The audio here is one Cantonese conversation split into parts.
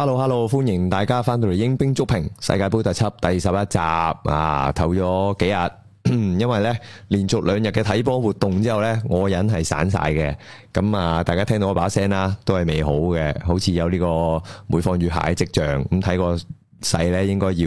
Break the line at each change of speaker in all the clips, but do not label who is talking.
hello hello，歡迎大家翻到嚟鷹兵足評世界盃特輯第十一集啊，唞咗幾日，因為呢連續兩日嘅睇波活動之後呢，我人係散曬嘅，咁啊大家聽到我把聲啦，都係未好嘅，好似有呢個每況愈下嘅跡象，咁睇個勢呢應該要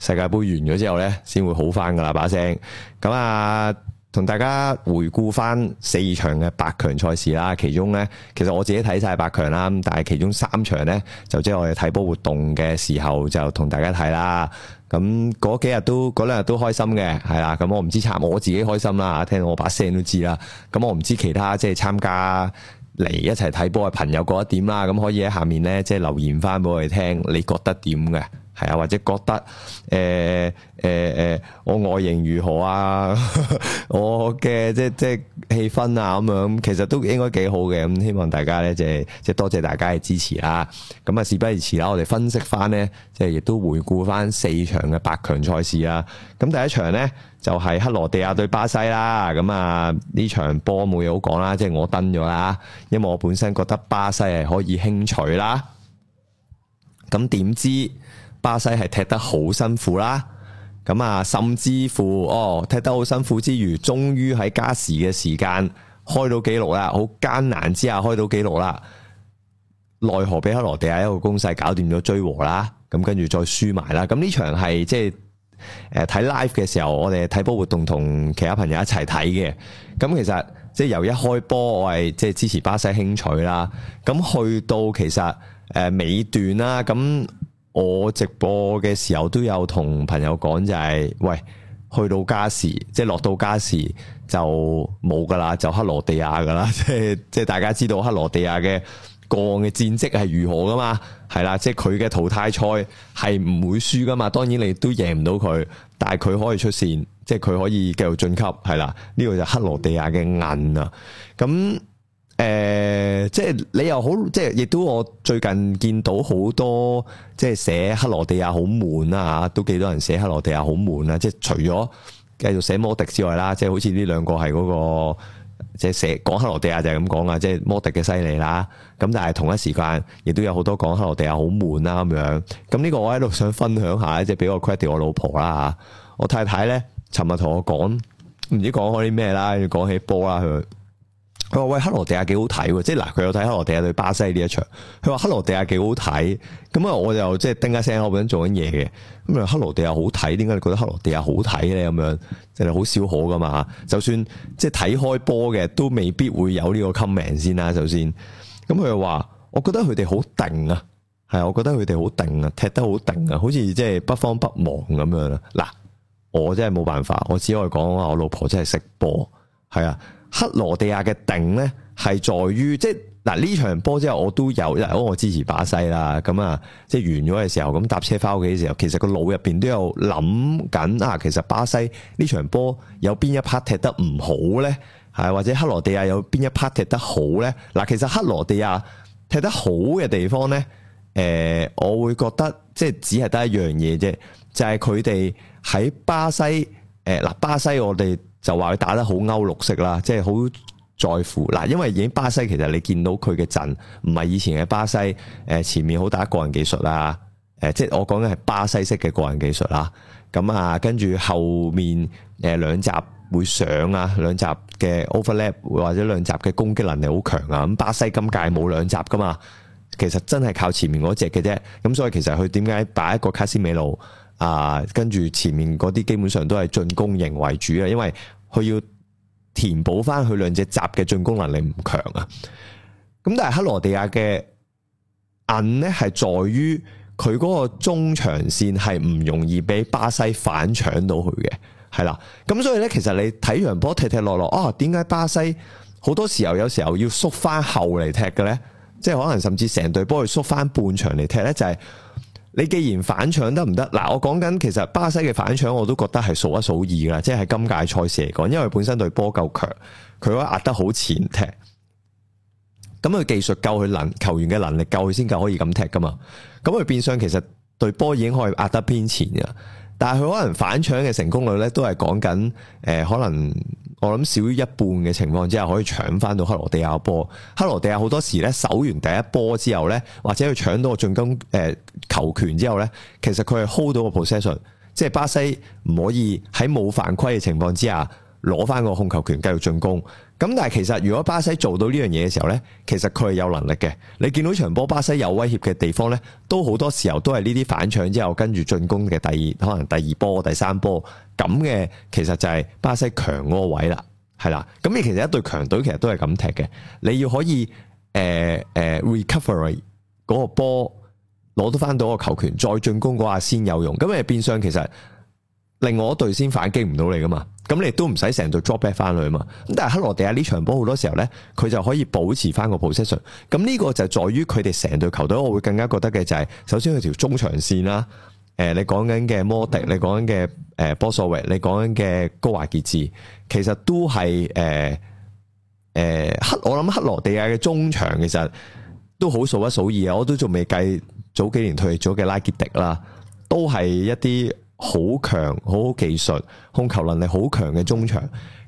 世界盃完咗之後呢先會好返㗎喇把聲，咁啊。同大家回顧翻四場嘅八強賽事啦，其中呢，其實我自己睇晒八強啦，但係其中三場呢，就即係我哋睇波活動嘅時候就同大家睇啦。咁嗰幾日都，嗰兩日都開心嘅，係啦。咁我唔知參，我自己開心啦，聽到我把聲都知啦。咁我唔知其他，即係參加嚟一齊睇波嘅朋友覺得點啦？咁可以喺下面呢，即係留言翻俾我哋聽，你覺得點嘅？係啊，或者覺得誒誒誒，我外形如何啊？ 我嘅即即氣氛啊，咁樣其實都應該幾好嘅。咁希望大家咧，即即多謝大家嘅支持啦。咁啊，事不宜遲啦，我哋分析翻咧，即亦都回顧翻四場嘅八強賽事啊。咁第一場咧就係克羅地亞對巴西啦。咁啊呢場波冇嘢好講啦，即我登咗啦，因為我本身覺得巴西係可以輕取啦。咁點知？巴西係踢得好辛苦啦，咁啊，甚至乎哦，踢得好辛苦之餘，終於喺加時嘅時間開到紀錄啦，好艱難之下開到紀錄啦。奈何比克羅地亞一個攻勢搞掂咗追和啦，咁跟住再輸埋啦。咁呢場係即係誒睇 live 嘅時候，我哋睇波活動同其他朋友一齊睇嘅。咁其實即係由一開波我係即係支持巴西興趣啦，咁去到其實誒尾段啦，咁。我直播嘅時候都有同朋友講就係、是，喂，去到加時，即係落到加時就冇噶啦，就克羅地亞噶啦，即係即係大家知道克羅地亞嘅過往嘅戰績係如何噶嘛，係啦，即係佢嘅淘汰賽係唔會輸噶嘛，當然你都贏唔到佢，但係佢可以出線，即係佢可以繼續晉級，係啦，呢、這個就克羅地亞嘅韌啊，咁。誒、呃，即係你又好，即係亦都我最近見到好多即係寫克羅地亞好悶啊，嚇，都幾多人寫克羅地亞好悶啊。即係除咗繼續寫摩迪之外啦，即係好似呢兩個係嗰，那個即係寫講克羅地亞就係咁講啊，即係摩迪嘅犀利啦。咁但係同一時間亦都有好多講克羅地亞好悶啦、啊，咁樣。咁呢個我喺度想分享下，即係俾個 credit 我老婆啦嚇，我太太呢，尋日同我講，唔知講開啲咩啦，講起波啦佢。佢話喂，克羅地亞幾好睇喎，即係嗱，佢有睇克羅地亞對巴西呢一場。佢話克羅地亞幾好睇，咁啊，我就即係叮一聲，我本身做緊嘢嘅。咁啊，克羅地亞好睇，點解你覺得克羅地亞好睇咧？咁樣真係好少可噶嘛。就算即係睇開波嘅，都未必會有呢個 comment 先啦。首先，咁佢又話，我覺得佢哋好定啊，係，我覺得佢哋好定啊，踢得好定啊，好似即係不慌不忙咁樣。嗱，我真係冇辦法，我只可以講話，我老婆真係識波，係啊。克羅地亞嘅定呢，係在於即係嗱呢場波之後，我都有，因為我支持巴西啦，咁啊，即係完咗嘅時候，咁搭車翻屋企嘅時候，其實個腦入邊都有諗緊啊，其實巴西呢場波有邊一 part 踢得唔好呢？係或者克羅地亞有邊一 part 踢得好呢？嗱、啊，其實克羅地亞踢得好嘅地方呢，誒、呃，我會覺得即係只係得一樣嘢啫，就係佢哋喺巴西，誒，嗱，巴西我哋。就話佢打得好歐陸式啦，即係好在乎嗱，因為已經巴西其實你見到佢嘅陣唔係以前嘅巴西，誒、呃、前面好打個人技術啦，誒、呃、即係我講嘅係巴西式嘅個人技術啦。咁、嗯、啊，跟住後面誒、呃、兩閘會上啊，兩閘嘅 overlap 或者兩閘嘅攻擊能力好強啊。咁、嗯、巴西今屆冇兩閘㗎嘛，其實真係靠前面嗰隻嘅啫。咁、嗯、所以其實佢點解擺一個卡斯美路啊，跟住前面嗰啲基本上都係進攻型為主啊，因為佢要填補翻佢兩隻閘嘅進攻能力唔強啊！咁但係克羅地亞嘅韌呢，係在於佢嗰個中場線係唔容易俾巴西反搶到佢嘅，係啦。咁所以呢，其實你睇完波踢踢落落，哦、啊，點解巴西好多時候有時候要縮翻後嚟踢嘅呢？即係可能甚至成隊波去縮翻半場嚟踢呢，就係、是。你既然反搶得唔得？嗱，我講緊其實巴西嘅反搶，我都覺得係數一數二噶啦，即係喺今屆賽事嚟講，因為本身對波夠強，佢可以壓得好前踢。咁佢技術夠，佢能球員嘅能力夠，佢先夠可以咁踢噶嘛。咁佢變相其實對波已經可以壓得偏前噶，但係佢可能反搶嘅成功率咧，都係講緊誒可能。我諗少於一半嘅情況之下，可以搶翻到克羅地亞波。克羅地亞好多時咧，守完第一波之後咧，或者佢搶到個進攻誒、呃、球權之後咧，其實佢係 hold 到個 possession，即係巴西唔可以喺冇犯規嘅情況之下。攞翻個控球權繼續進攻，咁但係其實如果巴西做到呢樣嘢嘅時候呢，其實佢係有能力嘅。你見到場波巴西有威脅嘅地方呢，都好多時候都係呢啲反搶之後跟住進攻嘅第二，可能第二波第三波咁嘅，其實就係巴西強嗰個位啦，係啦。咁你其實一隊強隊其實都係咁踢嘅，你要可以誒誒、呃呃、recovery 嗰個波攞到翻到個球權再進攻嗰下先有用。咁你變相其實。另外一隊先反擊唔到你噶嘛，咁你都唔使成隊 drop back 翻去嘛。咁但係克羅地亞呢場波好多時候呢，佢就可以保持翻個 position。咁呢個就在於佢哋成隊球隊，我會更加覺得嘅就係，首先佢條中場線啦，誒、呃，你講緊嘅摩迪，你講緊嘅誒波索維，你講緊嘅高華傑志，其實都係誒誒克，我諗克羅地亞嘅中場其實都好數一數二啊。我都仲未計早幾年退役咗嘅拉傑迪啦，都係一啲。強好強，好技術，控球能力好強嘅中場，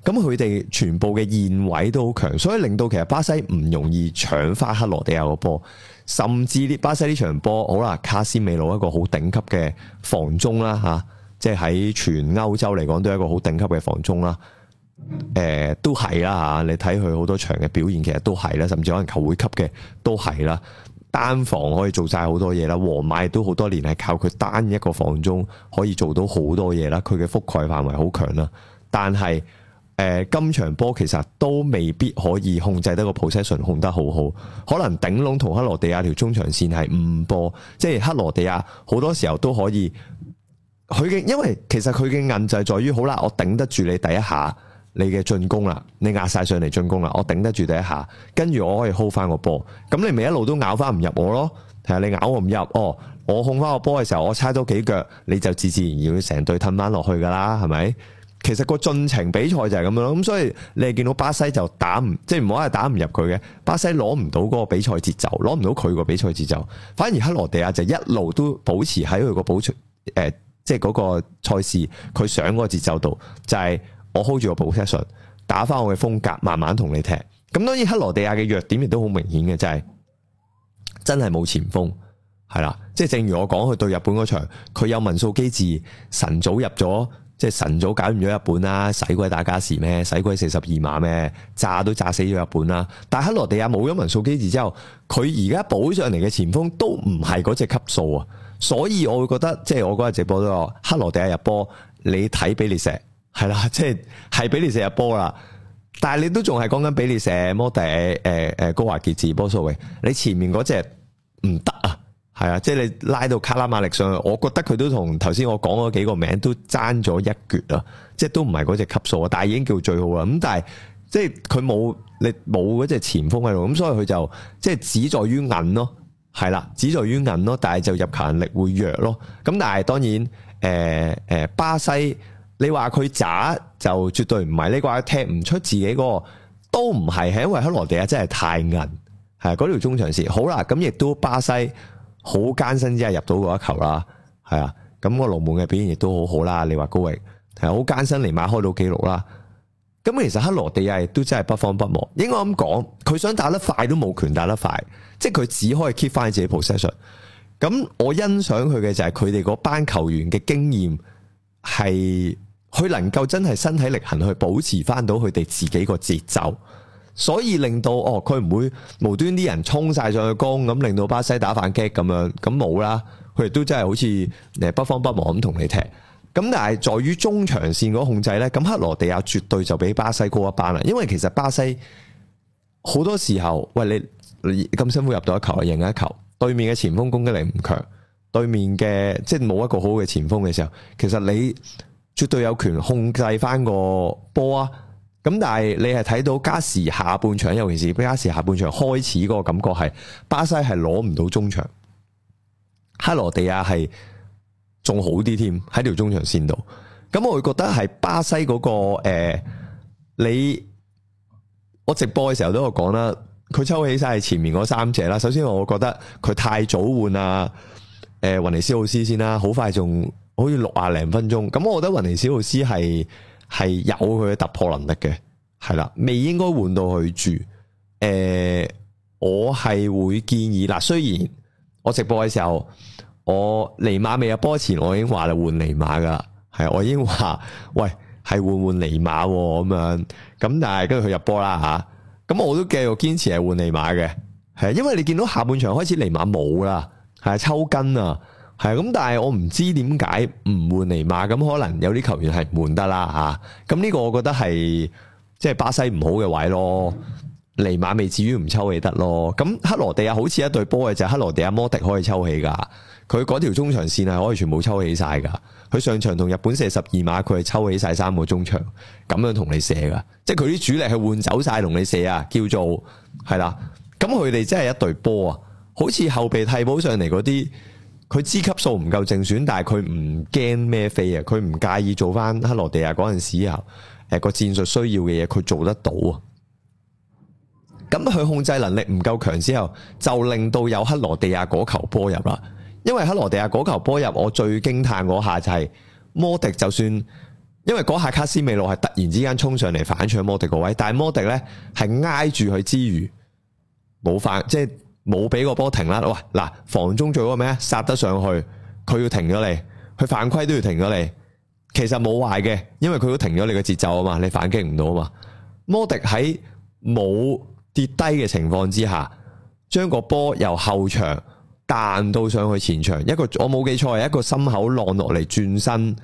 咁佢哋全部嘅線位都好強，所以令到其實巴西唔容易搶翻克羅地亞個波，甚至啲巴西呢場波，好啦，卡斯美魯一個好頂級嘅防中，啊防中呃啦，吓，即係喺全歐洲嚟講都係一個好頂級嘅防中啦，誒，都係啦吓，你睇佢好多場嘅表現，其實都係啦，甚至可能球會級嘅都係啦。單防可以做晒好多嘢啦，皇馬都好多年係靠佢單一個防中可以做到好多嘢啦，佢嘅覆蓋範圍好強啦。但係誒、呃，今場波其實都未必可以控制得個 position 控得好好，可能頂籠，同克羅地亞條中場線係五五波，即係克羅地亞好多時候都可以，佢嘅因為其實佢嘅印就在於，好啦，我頂得住你第一下。你嘅進攻啦，你壓晒上嚟進攻啦，我頂得住第一下，跟住我可以 hold 翻個波，咁你咪一路都咬翻唔入我咯。係啊，你咬我唔入哦，我控翻個波嘅時候，我踩多幾腳，你就自自然然要成隊褪翻落去噶啦，係咪？其實個進程比賽就係咁樣咯，咁所以你見到巴西就打唔，即係唔好係打唔入佢嘅，巴西攞唔到嗰個比賽節奏，攞唔到佢個比賽節奏，反而克羅地亞就一路都保持喺佢個保出誒，即係嗰個賽事佢上嗰個節奏度就係、是。我 hold 住個 position，打翻我嘅風格，慢慢同你踢。咁當然克羅地亞嘅弱點亦都好明顯嘅，真係真係冇前鋒，係啦。即係正如我講，佢對日本嗰場，佢有文素基治晨早入咗，即係晨早搞完咗日本啦，洗鬼打加時咩？洗鬼四十二碼咩？炸都炸死咗日本啦。但係克羅地亞冇咗文素基治之後，佢而家補上嚟嘅前鋒都唔係嗰隻級數啊，所以我會覺得，即係我嗰日直播都話，克羅地亞入波，你睇俾你射。係啦、 嗯，即係俾你射波啦，但係你都仲係講緊俾你射摩迪，誒誒、欸、高華杰治波數位，你前面嗰隻唔得啊，係啊，即係你拉到卡拉馬力上去，我覺得佢都同頭先我講嗰幾個名都爭咗一橛啦，即係都唔係嗰隻級數，但係已經叫最好啦。咁但係即係佢冇你冇嗰隻前鋒喺度，咁所以佢就即係只在於銀咯，係啦、啊，只在於銀咯，但係就入球能力會弱咯。咁但係當然誒誒、欸欸、巴西。你話佢渣就絕對唔係，你話踢唔出自己嗰個都唔係，係因為克羅地亞真係太硬，係嗰條中場線好啦，咁亦都巴西好艱辛先入到嗰一球啦，係啊，咁個羅門嘅表現亦都好好啦。你話高域，係好艱辛尼馬開到紀錄啦，咁其實克羅地亞亦都真係不慌不忙。應該咁講，佢想打得快都冇權打得快，即係佢只可以 keep 翻自己 possession，咁我欣賞佢嘅就係佢哋嗰班球員嘅經驗係。佢能夠真係身體力行去保持翻到佢哋自己個節奏，所以令到哦，佢唔會無端啲人衝晒上去攻咁，令到巴西打反擊咁樣咁冇啦。佢哋都真係好似誒不慌不忙咁同你踢。咁但係在於中長線嗰控制呢，咁克羅地亞絕對就比巴西高一班啦。因為其實巴西好多時候，喂，你咁辛苦入到一球，贏一球，對面嘅前鋒攻擊力唔強，對面嘅即係冇一個好嘅前鋒嘅時候，其實你。絕對有權控制翻個波啊！咁但係你係睇到加時下半場，尤其是加時下半場開始嗰個感覺係巴西係攞唔到中場，克羅地亞係仲好啲添喺條中場線度。咁我會覺得係巴西嗰、嗰個誒、呃，你我直播嘅時候都有講啦，佢抽起晒前面嗰三隻啦。首先我我覺得佢太早換啊，誒、呃，雲尼斯奧斯先啦，好快仲。好似六啊零分鐘，咁我覺得雲尼小老師係係有佢嘅突破能力嘅，係啦，未應該換到佢住。誒、呃，我係會建議，嗱，雖然我直播嘅時候，我尼馬未入波前，我已經話你換尼馬噶啦，係，我已經話，喂，係換換尼馬咁樣，咁但係跟住佢入波啦吓，咁、啊、我都繼續堅持係換尼馬嘅，係，因為你見到下半場開始尼馬冇啦，係抽筋啊。係咁，但係我唔知點解唔換尼馬，咁可能有啲球員係換得啦吓。咁、啊、呢、這個我覺得係即係巴西唔好嘅位咯，尼馬未至於唔抽起得咯。咁、啊、克羅地亞好似一隊波嘅就係、是、克羅地亞摩迪可以抽起噶，佢嗰條中場線係可以全部抽起晒噶。佢上場同日本射十二碼，佢係抽起晒三個中場，咁樣同你射噶，即係佢啲主力係換走晒同你射啊，叫做係啦。咁佢哋真係一隊波啊，好似後備替補上嚟嗰啲。佢資級數唔夠正選，但係佢唔驚咩飛啊！佢唔介意做返克羅地亞嗰陣時候，誒、呃、個戰術需要嘅嘢佢做得到啊！咁佢控制能力唔夠強之後，就令到有克羅地亞嗰球波入啦。因為克羅地亞嗰球波入，我最驚歎嗰下就係摩迪就算，因為嗰下卡斯美洛係突然之間衝上嚟反搶摩迪個位，但係摩迪呢係挨住佢之餘冇反，即係。冇俾個波停啦！喂，嗱，防中做嗰咩？殺得上去，佢要停咗你，佢犯規都要停咗你。其實冇壞嘅，因為佢都停咗你嘅節奏啊嘛，你反擊唔到啊嘛。摩迪喺冇跌低嘅情況之下，將個波由後場彈到上去前場，一個我冇記錯係一個心口落落嚟轉身，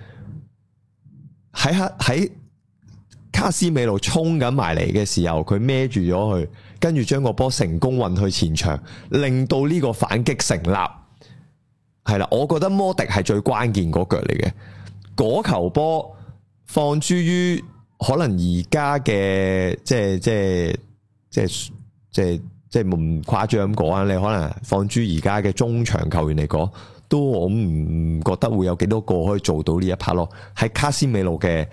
喺黑喺卡斯美路衝緊埋嚟嘅時候，佢孭住咗佢。跟住將個波成功運去前場，令到呢個反擊成立，係啦。我覺得摩迪係最關鍵嗰腳嚟嘅，嗰球波放諸於可能而家嘅即係即係即係即係即係唔誇張咁講啊！你可能放諸於而家嘅中場球員嚟講，都我唔覺得會有幾多個可以做到呢一 part 咯。喺卡斯米路嘅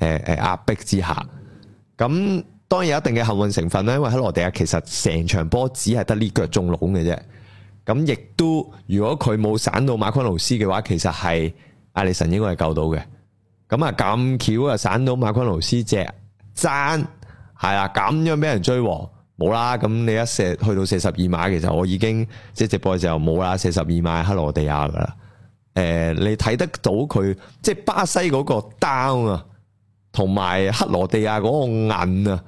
誒誒壓迫之下，咁。當然有一定嘅幸運成分啦，因為克羅地亞其實成場波只係得呢腳中籠嘅啫。咁亦都如果佢冇散到馬昆勞斯嘅話，其實係阿里神應該係救到嘅。咁啊咁巧啊，散到馬昆勞斯隻，爭係啦。咁樣俾人追喎，冇啦。咁你一射去到四十二碼，其實我已經即係直播嘅時候冇啦。四十二碼克羅地亞㗎喇。誒、呃，你睇得到佢即係巴西嗰個 down 啊，同埋克羅地亞嗰個銀啊。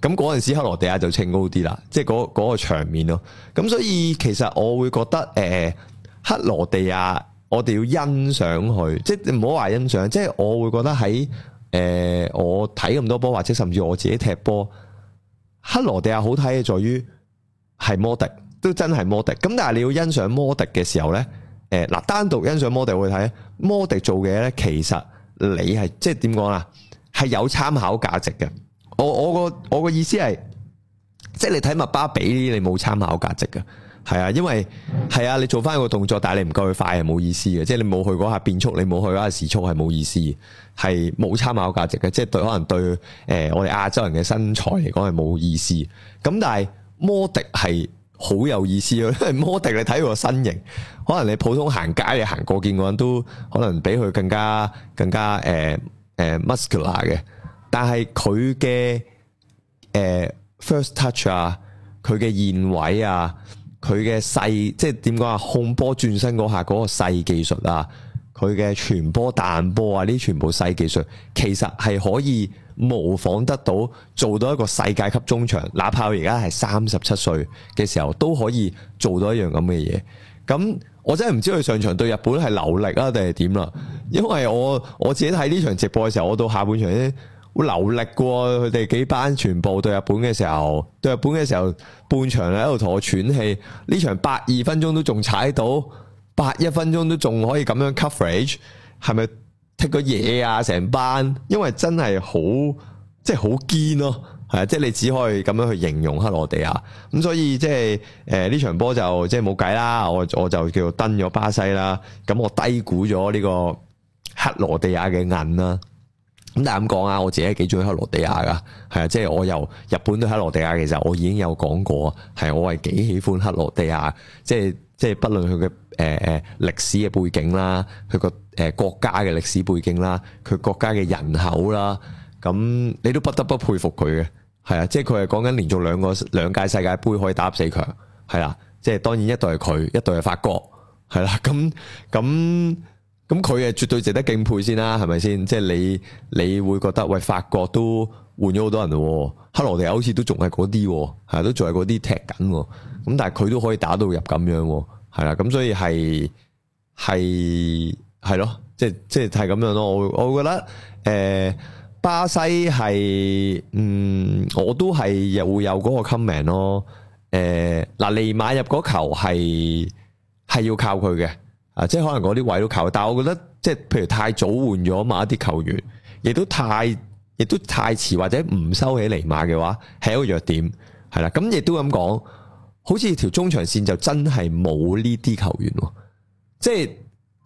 咁嗰陣時，克羅地亞就清高啲啦，即係嗰嗰個場面咯。咁所以其實我會覺得，誒、呃，克羅地亞我哋要欣賞佢，即係唔好話欣賞，即係我會覺得喺誒、呃、我睇咁多波，或者甚至我自己踢波，克羅地亞好睇嘅在於係摩迪，都真係摩迪。咁但係你要欣賞摩迪嘅時候呢，誒、呃、嗱，單獨欣賞摩迪會睇，摩迪做嘢呢，其實你係即係點講啦，係有參考價值嘅。我我個我個意思係，即係你睇麥巴比，你冇參考價值㗎，係啊，因為係啊，你做翻個動作，但係你唔夠佢快，係冇意思嘅。即係你冇去嗰下變速，你冇去嗰下時速，係冇意思，係冇參考價值嘅。即係對可能對誒、呃、我哋亞洲人嘅身材嚟講係冇意思。咁但係摩迪係好有意思啊！因為摩迪你睇佢個身形，可能你普通行街你行過見我都可能比佢更加更加誒誒、呃呃、muscular 嘅。但係佢嘅誒 first touch 啊，佢嘅站位啊，佢嘅細即係點講啊，控波轉身嗰下嗰個細技術啊，佢嘅傳波彈波啊，呢全部細技術，其實係可以模仿得到，做到一個世界級中場，哪怕我而家係三十七歲嘅時候，都可以做到一樣咁嘅嘢。咁我真係唔知佢上場對日本係流力啊，定係點啦？因為我我自己睇呢場直播嘅時候，我到下半場先。流力過佢哋幾班，全部對日本嘅時候， 對日本嘅時候半場喺度同我喘氣。呢場八二分鐘都仲踩到，八一分鐘都仲可以咁樣 coverage，係咪踢個嘢啊？成班，因為真係好即係好堅咯，係啊，即係你只可以咁樣去形容克羅地亞。咁所以即係誒呢場波就即係冇計啦。我我就叫做登咗巴西啦。咁我低估咗呢個克羅地亞嘅韌啦。咁但係咁講啊，我自己幾中意克羅地亞㗎，係啊，即係我由日本到克羅地亞，其實我已經有講過，係我係幾喜歡克羅地亞，即係即係，不論佢嘅誒誒歷史嘅背景啦，佢個誒國家嘅歷史背景啦，佢國家嘅人口啦，咁你都不得不佩服佢嘅，係啊，即係佢係講緊連續兩個兩屆世界盃可以打入四強，係啦，即係當然一隊係佢，一隊係法國，係啦，咁咁。咁佢係，絕對值得敬佩先啦，係咪先？即係你你會覺得喂，法國都換咗好多人，克羅地亞好似都仲係嗰啲，係都仲係嗰啲踢緊。咁但係佢都可以打到入咁樣，係啦。咁所以係係係咯，即係即係係咁樣咯。我我覺得誒、呃，巴西係嗯，我都係又會有嗰個 comment 咯。誒，嗱，尼馬入嗰球係係要靠佢嘅。啊，即係可能嗰啲位都求，但係我覺得即係譬如太早換咗嘛一啲球員，亦都太亦都太遲或者唔收起尼馬嘅話，係一個弱點係啦。咁亦都咁講，好似條中場線就真係冇呢啲球員，即係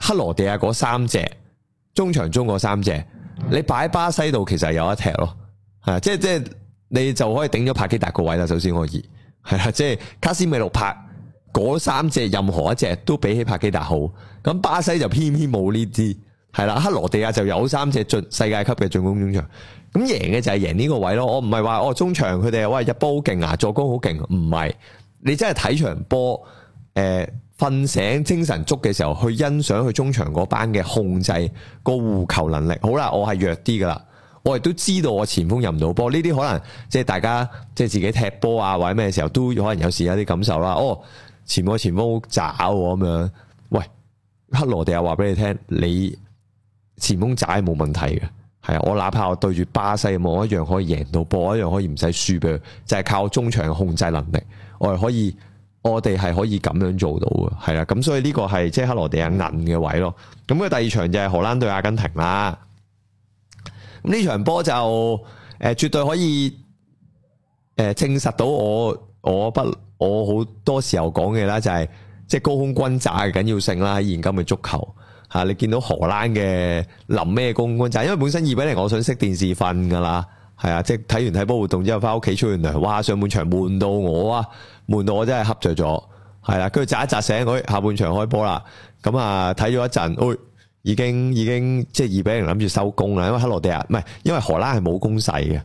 克羅地亞嗰三隻，中場中嗰三隻，你擺巴西度其實有一踢咯，係即係即係你就可以頂咗帕基達個位啦，首先可以係啦，即係卡斯米洛帕。嗰三隻任何一隻都比起帕基達好，咁巴西就偏偏冇呢啲，係啦，克羅地亞就有三隻進世界級嘅進攻中場，咁贏嘅就係贏呢個位咯。我唔係話我中場佢哋喂入波好勁啊，助攻好勁，唔係，你真係睇場波，誒、呃，瞓醒精神足嘅時候去欣賞佢中場嗰班嘅控制個護球能力，好啦，我係弱啲噶啦，我亦都知道我前鋒入唔到波，呢啲可能即係大家即係、就是、自己踢波啊或者咩嘅時候都可能有時有啲感受啦，哦。前鋒前鋒好渣咁樣，喂，克羅地亞話俾你聽，你前鋒渣係冇問題嘅。係啊，我哪怕我對住巴西，我一樣可以贏到波，一樣可以唔使輸俾佢，就係、是、靠中場嘅控制能力，我係可以，我哋係可以咁樣做到嘅。係啦，咁所以呢個係即係克羅地亞硬嘅位咯，咁佢第二場就係荷蘭對阿根廷啦，呢場波就誒、呃、絕對可以誒、呃、證實到我。我不我好多時候講嘅啦，就係即係高空轟炸嘅緊要性啦。喺現今嘅足球吓，你見到荷蘭嘅臨咩高空轟炸？因為本身二比零，我想熄電視瞓㗎啦，係啊，即係睇完睇波活動之後，翻屋企吹完涼，哇！上半場悶到我啊，悶到我真係瞌着咗，係啦。跟住扎一扎醒，誒，下半場開波啦。咁啊，睇咗一陣，喂、哎，已經已經即係二比零，諗住收工啦，因為克羅地亞，唔係因為荷蘭係冇攻勢嘅，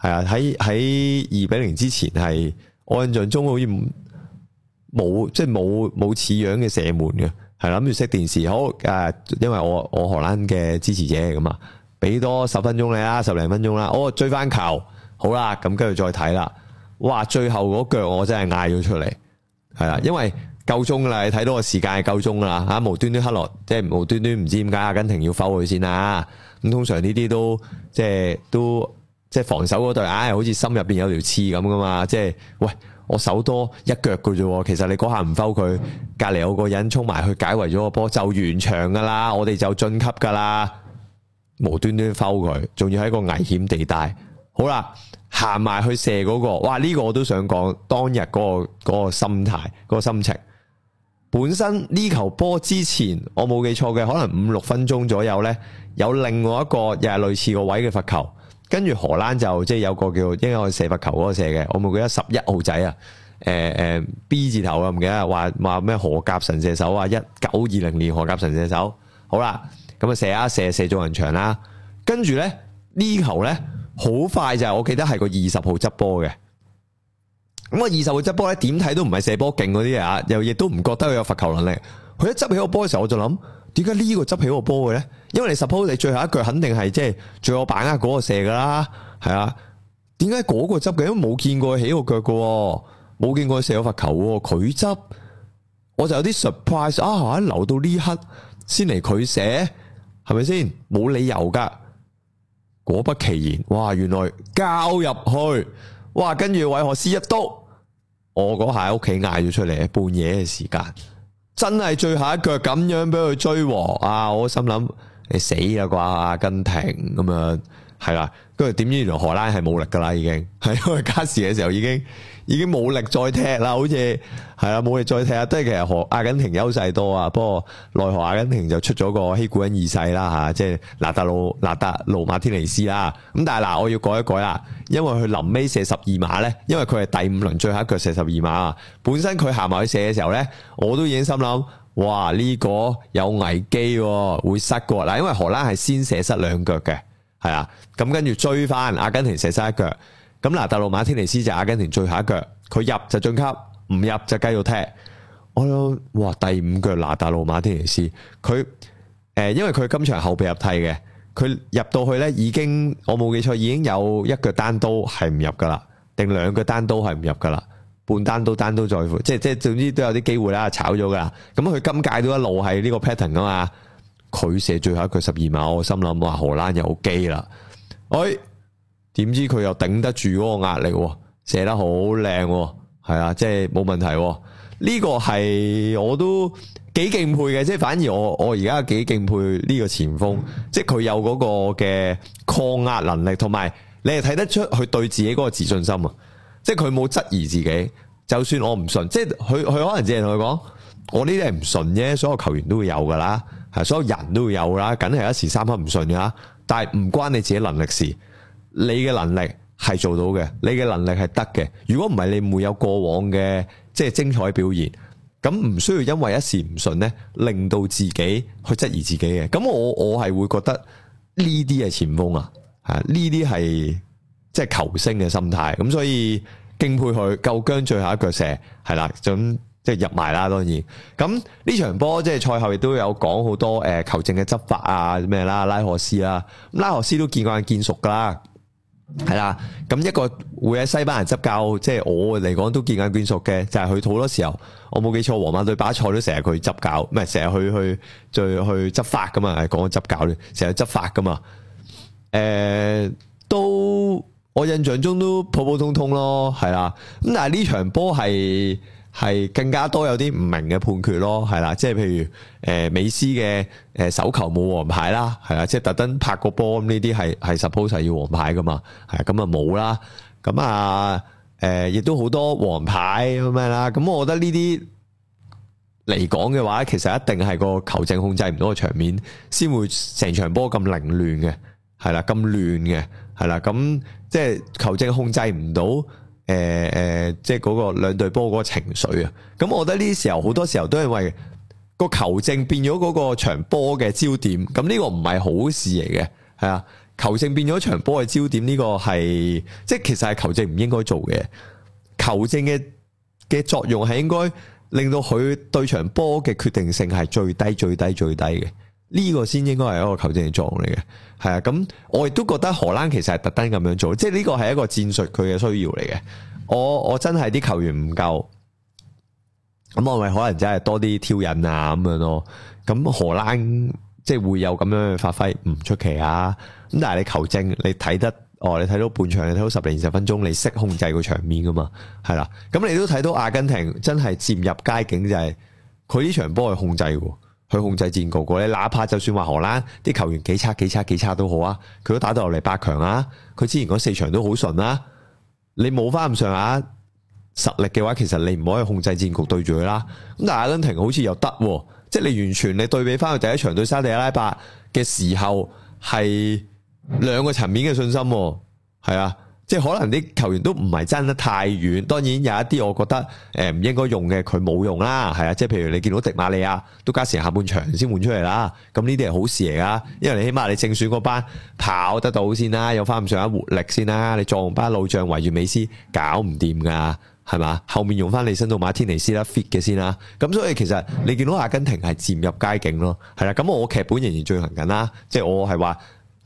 係啊，喺喺二比零之前係。我印象中好似冇即係冇冇似樣嘅射門嘅，係諗住熄電視，好誒，因為我我荷蘭嘅支持者嚟嘛，俾多十分鐘你啦，十零分鐘啦，我追翻球，好啦，咁跟住再睇啦。哇，最後嗰腳我真係嗌咗出嚟，係啦，因為夠鐘啦，你睇到個時間係夠鐘啦，吓無端端黑落，即係無端端唔知點解阿根廷要 foul 佢先啦。咁通常呢啲都即係都。即係防守嗰隊，唉，好似心入邊有條刺咁噶嘛！即係，喂，我手多一腳嘅啫，其實你嗰下唔 foul 佢，隔籬有個人衝埋去解圍咗個波，就完場噶啦，我哋就晉級噶啦。無端端 foul 佢，仲要喺個危險地帶。好啦，行埋去射嗰個，哇！呢個我都想講當日嗰個嗰個心態，嗰個心情。本身呢球波之前，我冇記錯嘅，可能五六分鐘左右呢，有另外一個又係類似個位嘅罰球。跟住荷蘭就即係有個叫因為我射罰球嗰個射嘅，我咪記得十一號仔啊，誒誒 B 字頭啊，唔記得話話咩荷甲神射手啊，一九二零年荷甲神射手，好啦，咁啊射啊射射中人牆啦，跟住咧，呢球咧好快就係我記得係個二十號執波嘅，咁個二十號執波咧，點睇都唔係射波勁嗰啲啊，又亦都唔覺得佢有罰球能力，佢一執起個波嘅時候我就諗。點解呢個執起個波嘅咧？因為你 suppose 你最後一腳肯定係即係最有把握嗰個射噶啦，係啊？點解嗰個執嘅？都冇見過佢起個腳嘅，冇見過佢射個罰球，佢執我就有啲 surprise 啊！留、啊、到呢刻先嚟佢射，係咪先？冇理由噶。果不其然，哇！原來交入去，哇！跟住韋何師一刀！我嗰下喺屋企嗌咗出嚟，半夜嘅時間。真係最後一腳咁樣俾佢追和，啊！我心諗你死啦啩，阿根廷咁樣係啦，跟住點知原來荷蘭係冇力噶啦，已經係因為加時嘅時候已經。已經冇力再踢啦，好似係啦，冇力再踢啦。都係其實荷阿根廷優勢多啊，不過奈何阿根廷就出咗個希古恩二世啦吓，即係那達魯那達魯馬天尼斯啦。咁但係嗱，我要改一改啦，因為佢臨尾射十二碼呢，因為佢係第五輪最後一腳射十二碼。本身佢行埋去射嘅時候呢，我都已經心諗，哇呢個有危機啊，會失角嗱，因為荷蘭係先射失兩腳嘅，係啊，咁跟住追翻阿根廷射失一腳。咁拿大路馬天尼斯就阿根廷最後一腳，佢入就晉級，唔入就繼續踢。我諗哇第五腳拿大路馬天尼斯，佢誒、呃，因為佢今場後備入替嘅，佢入到去呢，已經我冇記錯，已經有一腳單刀係唔入噶啦，定兩腳單刀係唔入噶啦，半單刀單刀在乎，即係即係總之都有啲機會啦，炒咗噶。咁佢今屆都一路係呢個 pattern 啊嘛，佢射最後一腳十二碼，我心諗話荷蘭有機啦，喂。點知佢又頂得住嗰個壓力，射得好靚，係啊，即係冇問題。呢個係我都幾敬佩嘅，即係反而我我而家幾敬佩呢個前鋒，即係佢有嗰個嘅抗壓能力，同埋你係睇得出佢對自己嗰個自信心啊，即係佢冇質疑自己，就算我唔信，即係佢佢可能淨係同佢講，我呢啲係唔信啫，所有球員都會有噶啦，係所有人都會有噶啦，梗係一時三刻唔信噶，但係唔關你自己能力事。你嘅能力係做到嘅，你嘅能力係得嘅。如果唔係，你唔會有過往嘅即係精彩表現。咁唔需要因為一時唔順咧，令到自己去質疑自己嘅。咁我我係會覺得呢啲係前鋒啊，係呢啲係即係球星嘅心態。咁所以敬佩佢夠姜最後一腳射係啦，就咁即係入埋啦當然。咁呢場波即係賽後亦都有講好多誒、呃、球證嘅執法啊咩啦，拉荷斯啦、啊啊，拉荷斯都見慣見熟㗎啦。係啦，咁一個會喺西班牙執教，即係我嚟講都見慣見熟嘅，就係佢好多時候我冇記錯，皇馬對巴塞都成日佢執教，唔係成日去去再去執法噶嘛，講執教成日執法噶嘛，誒、呃，都我印象中都普普通通咯，係啦，咁但係呢場波係。係更加多有啲唔明嘅判決咯，係啦，即係譬如誒、呃、美斯嘅誒、呃、手球冇黃牌啦，係啦，即係特登拍個波咁，呢啲係係 suppose 係要黃牌噶嘛，係咁啊冇啦，咁啊誒亦都好多黃牌咁樣啦，咁我覺得呢啲嚟講嘅話，其實一定係個球證控制唔到嘅場面，先會成場波咁凌亂嘅，係啦，咁亂嘅，係啦，咁即係球證控制唔到。誒誒、呃，即係嗰個兩隊波嗰個情緒啊！咁我覺得呢啲時候好多時候都係因為個球證變咗嗰個場波嘅焦點，咁呢個唔係好事嚟嘅，係啊！球證變咗場波嘅焦點，呢個係即係其實係球證唔應該做嘅。球證嘅嘅作用係應該令到佢對場波嘅決定性係最低最低最低嘅。呢個先應該係一個球證嘅作用嚟嘅，係啊，咁我亦都覺得荷蘭其實係特登咁樣做，即係呢個係一個戰術佢嘅需要嚟嘅。我我，真係啲球員唔夠，咁我咪可能真係多啲挑釁啊咁樣咯。咁荷蘭即係會有咁樣嘅發揮唔出奇啊。咁但係你球證，你睇得哦，你睇到半場，你睇到十零二十分鐘，你識控制個場面噶嘛？係啦，咁你都睇到阿根廷真係漸入佳境就係佢呢場波係控制㗎。去控制戰局個咧，哪怕就算話荷蘭啲球員幾差幾差幾差都好啊，佢都打到落嚟八強啊。佢之前嗰四場都好順啊，你冇翻咁上下實力嘅話，其實你唔可以控制戰局對住佢啦。咁但阿根廷好似又得，即係你完全你對比翻佢第一場對沙地阿拉伯嘅時候，係兩個層面嘅信心，係啊。即係可能啲球員都唔係爭得太遠，當然有一啲我覺得誒唔應該用嘅，佢冇用啦，係啊，即係譬如你見到迪馬利亞都加時下半場先換出嚟啦，咁呢啲係好事嚟噶，因為你起碼你正選嗰班跑得到先啦，有翻咁上下活力先啦，你撞班老將圍住美斯搞唔掂噶，係嘛，後面用翻你利辛度馬天尼斯啦 fit 嘅先啦，咁所以其實你見到阿根廷係漸入佳境咯，係啦，咁我劇本仍然進行緊啦，即係我係話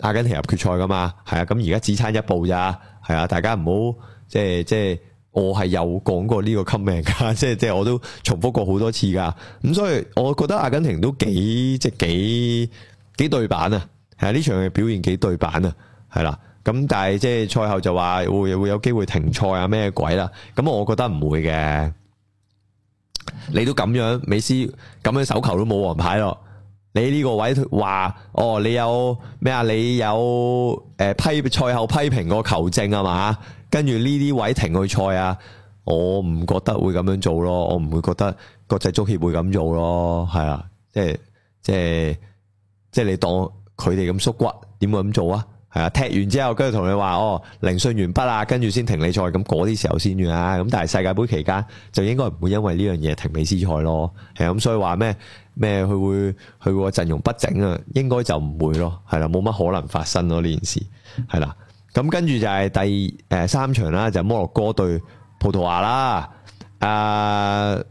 阿根廷入決賽噶嘛，係啊，咁而家只差一步咋。係啊，大家唔好即係即係，我係有講過呢個 comment 噶，即係即係我都重複過好多次噶。咁所以我覺得阿根廷都幾即係幾幾對版啊。係啊，呢場嘅表現幾對版啊，係啦。咁但係即係賽後就話會會有機會停賽啊咩鬼啦。咁我我覺得唔會嘅。你都咁樣，美斯，咁樣手球都冇黃牌咯。你呢個位話哦，你有咩啊？你有誒、呃、批賽後批評個球證係嘛？跟住呢啲位停去賽啊？我唔覺得會咁樣做咯，我唔會覺得國際足協會咁做咯，係啊，即係即係即係你當佢哋咁縮骨，點會咁做啊？係啊，踢完之後跟住同你話哦，聆訊完畢啊，跟住先停你賽咁嗰啲時候先算啦。咁但係世界杯期間就應該唔會因為呢樣嘢停你施賽咯。係咁，所以話咩咩佢會佢個陣容不整啊，應該就唔會咯。係啦，冇乜可能發生咯呢件事。係啦，咁跟住就係第誒、呃、三場啦，就係，摩洛哥對葡萄牙啦。誒、呃，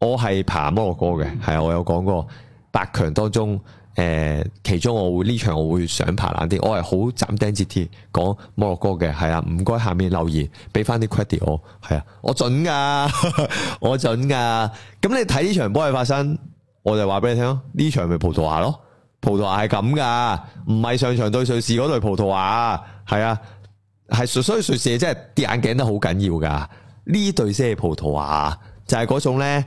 我係爬摩洛哥嘅，係啊、嗯，我有講過八強當中。誒，其中我會呢場我會想爬爛啲，我係好斬釘截鐵講摩洛哥嘅，係啊，唔該下面留言俾翻啲 credit 我，係啊，我準噶， 我準噶。咁你睇呢場波係發生，我就話俾你聽咯，呢場咪葡萄牙咯，葡萄牙係咁噶，唔係上場對瑞士嗰隊葡萄牙，係啊，係所所以瑞士真係啲眼鏡都好緊要噶，呢隊先係葡萄牙就，就係嗰種咧。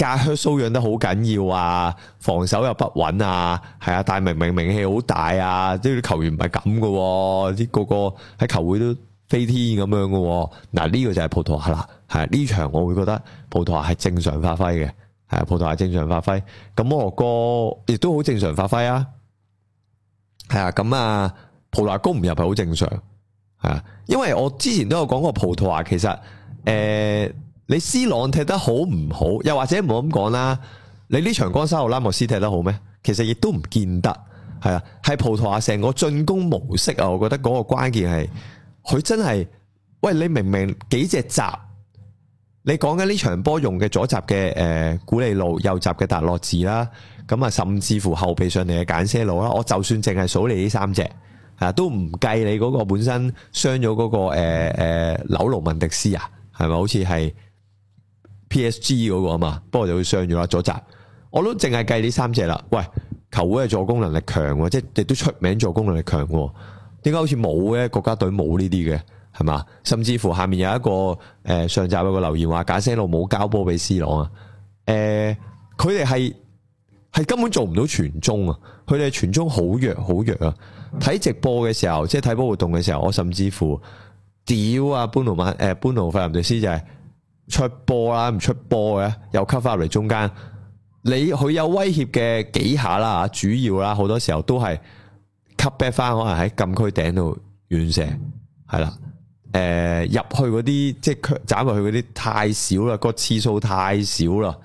家靴搔癢得好緊要啊，防守又不穩啊，係啊，大明明名氣好大啊，即啲球員唔係咁噶，啲個個喺球會都飛天咁樣噶，啊。嗱、這、呢個就係葡萄牙啦，係呢、啊、場我會覺得葡萄牙係正常發揮嘅，係、啊、葡萄牙正常發揮。咁摩洛哥亦都好正常發揮啊，係啊，咁啊葡萄牙攻唔入係好正常，係啊，因為我之前都有講過葡萄牙其實誒。呃你斯朗，踢得好唔好？又或者唔好咁講啦。你呢場江沙奧拉莫斯踢得好咩？其實亦都唔見得，係啊。係葡萄牙成個進攻模式啊，我覺得嗰個關鍵係佢真係，喂，你明明幾隻閘，你講緊呢場波用嘅左閘嘅誒古利路，右閘嘅達洛字啦，咁啊甚至乎後備上嚟嘅簡些路啦，我就算淨係數你呢三隻啊，都唔計你嗰個本身傷咗嗰個誒誒紐奴文迪斯啊，係咪好似係？P. S. G. 嗰、那個啊嘛，不過就會上咗啦，左閘，我都淨係計呢三隻啦。喂，球會嘅助攻能力強，即係亦都出名助攻能力強。點解好似冇嘅？國家隊冇呢啲嘅，係嘛？甚至乎下面有一個誒、呃、上集有個留言話，假聲路冇交波俾 C 朗啊。誒、呃，佢哋係係根本做唔到傳中啊。佢哋傳中好弱好弱啊。睇直播嘅時候，即係睇波活動嘅時候，我甚至乎屌啊，般奴馬誒，般奴費林迪斯就係、是。出波啦，唔出波嘅又 cut 翻入嚟中間。你佢有威脅嘅幾下啦，主要啦，好多時候都係 cut back 翻，可能喺禁區頂度遠射係啦。誒、呃，入去嗰啲即係斬落去嗰啲太少啦，個次數太少啦。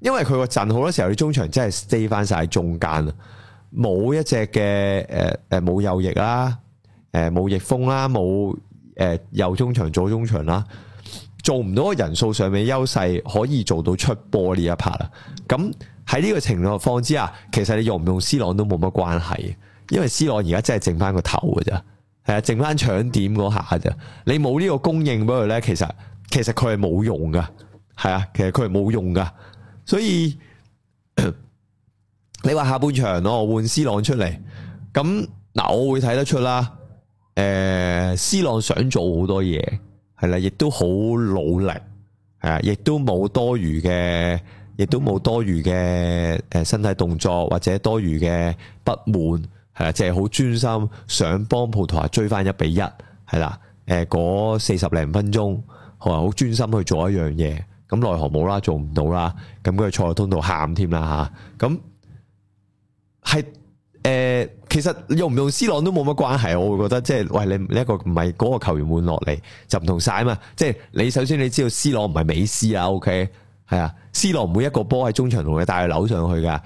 因為佢個陣好多時候啲中場真係 stay 翻晒中間啊，冇一隻嘅誒誒冇右翼啦，誒、呃、冇翼鋒啦，冇誒、呃、右中場左中場啦。做唔到個人數上面優勢，可以做到出波呢一 part 啦。咁喺呢個情況之下，其實你用唔用 C 朗都冇乜關係，因為 C 朗而家真係剩翻個頭噶咋，係啊，剩翻搶點嗰下咋。你冇呢個供應俾佢呢，其實其實佢係冇用噶，係啊，其實佢係冇用噶。所以 你話下半場我換 C 朗出嚟，咁嗱我會睇得出啦。誒、呃，C 朗想做好多嘢。係啦，亦都好努力，係啊，亦都冇多餘嘅，亦都冇多餘嘅誒身體動作或者多餘嘅不滿，係啊，淨係好專心想幫葡萄牙追翻一比一，係啦，誒，嗰四十零分鐘，佢係好專心去做一樣嘢，咁奈何冇啦，做唔到啦，咁佢坐喺通道喊添啦吓，咁係。誒、呃，其實用唔用 C 朗都冇乜關係，我會覺得即係，喂，你你一個唔係嗰個球員換落嚟，就唔同晒啊嘛！即係你首先你知道 C 朗唔係美斯啊，OK 係啊，C 朗每一個波喺中場同你帶佢扭上去噶，誒、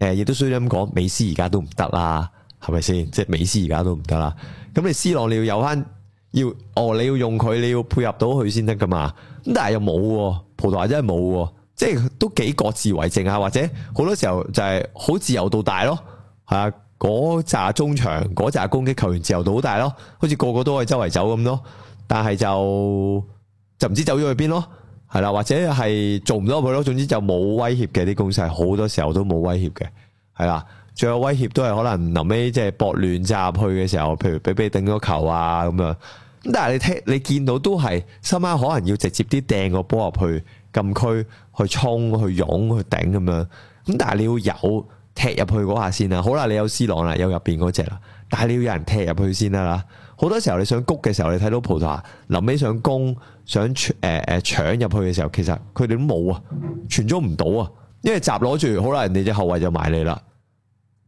呃，亦都需要咁講，美斯而家都唔得啦，係咪先？即係美斯而家都唔得啦，咁你 C 朗你要有返，要哦，你要用佢，你要配合到佢先得噶嘛。咁但係又冇、啊，葡萄牙真係冇、啊，即係都幾各自為政啊，或者好多時候就係好自由度大咯。係啊，嗰紮中場，嗰紮攻擊球員自由度好大咯，好似個個都可以周圍走咁咯。但係就就唔知走咗去邊咯，係啦，或者係做唔到佢去咯。總之就冇威脅嘅啲攻勢，好多時候都冇威脅嘅，係啦。最有威脅都係可能臨尾即係博亂閘入去嘅時候，譬如俾俾頂咗球啊咁樣。咁但係你聽你見到都係，今晚可能要直接啲掟個波入去禁區去沖去湧去頂咁樣。咁但係你要有。踢入去嗰下先啦，好啦，你有 C 朗啦，有入邊嗰隻啦，但係你要有人踢入去先啦。好多時候你想谷嘅時候，你睇到葡萄牙臨尾想攻，想誒誒搶入去嘅時候，其實佢哋都冇啊，傳咗唔到啊，因為閘攞住，好啦，人哋隻後衛就埋你啦，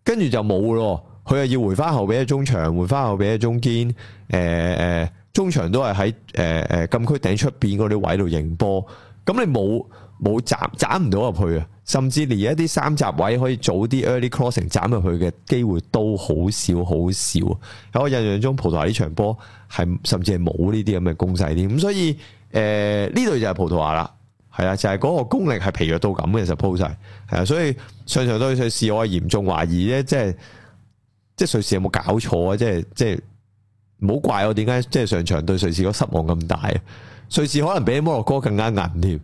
跟住就冇咯。佢又要回翻後邊嘅中場，回翻後邊嘅中堅，誒、呃、誒，中場都係喺誒誒禁區頂出邊嗰啲位度迎波。咁你冇冇斬斬唔到入去啊？甚至連一啲三閘位可以早啲 early crossing 斬入去嘅機會都好少好少。啊。喺我印象中，葡萄牙呢場波係甚至係冇呢啲咁嘅攻勢添。咁所以誒呢度就係葡萄牙啦，係啊，就係、是、嗰個功力係疲弱到咁嘅時候鋪晒，係啊。所以上場對瑞士，我係嚴重懷疑咧，即係即係瑞士有冇搞錯啊？即係即係唔好怪我點解即係上場對瑞士個失望咁大。瑞士可能比摩洛哥更加硬添，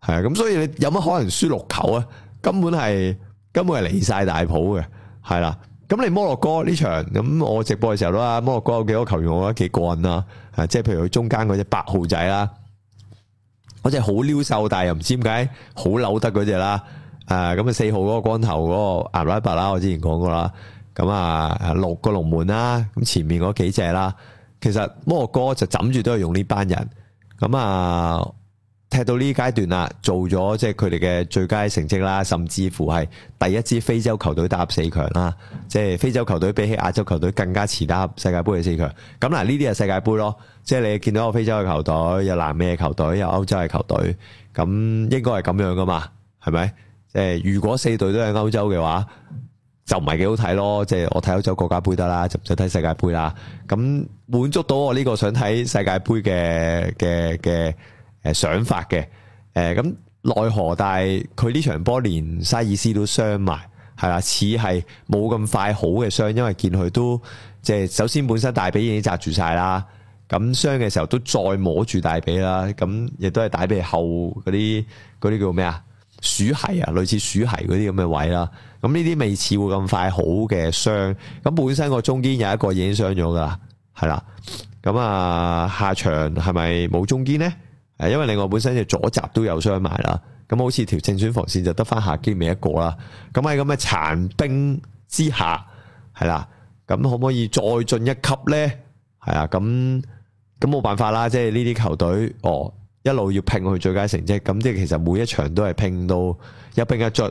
係啊，咁所以你有乜可能輸六球啊？根本係根本係離晒大譜嘅，係啦。咁你摩洛哥呢場咁我直播嘅時候啦，摩洛哥有幾多球員我覺得幾過癮啦，啊，即係譬如佢中間嗰隻八號仔啦，嗰隻好溜瘦但係又唔知點解好扭得嗰隻啦，誒、啊，咁啊四號嗰個光頭嗰個阿拉伯啦，我之前講過啦，咁啊六個龍門啦，咁、啊、前面嗰幾隻啦，其實摩洛哥就枕住都係用呢班人。咁啊、嗯，踢到呢階段啦，做咗即係佢哋嘅最佳成績啦，甚至乎係第一支非洲球隊打入四強啦，即係非洲球隊比起亞洲球隊更加遲打入世界盃嘅四強。咁嗱，呢啲係世界盃咯，即係你見到個非洲嘅球隊，有南美嘅球隊，有歐洲嘅球隊，咁應該係咁樣噶嘛，係咪？即係，如果四隊都係歐洲嘅話。就唔係幾好睇咯，即係我睇歐洲國家杯得啦，就唔使睇世界杯啦。咁滿足到我呢個想睇世界杯嘅嘅嘅誒想法嘅。誒、呃，咁奈何，但係佢呢場波連沙爾斯都傷埋，係啦，似係冇咁快好嘅傷，因為見佢都即係首先本身大髀已經紮住晒啦，咁傷嘅時候都再摸住大髀啦，咁亦都係大髀後嗰啲嗰啲叫咩啊？鼠鞋啊，類似鼠鞋嗰啲咁嘅位啦，咁呢啲未似會咁快好嘅傷，咁本身個中堅有一個已經傷咗噶啦，係啦，咁啊下場係咪冇中堅呢？誒，因為另外本身就左閘都有傷埋啦，咁好似條正選防線就得翻下邊尾一個啦，咁喺咁嘅殘兵之下，係啦，咁可唔可以再進一級呢？係啊，咁咁冇辦法啦，即係呢啲球隊哦。一路要拼去最佳成績，咁即係其實每一場都係拼到一兵一卒，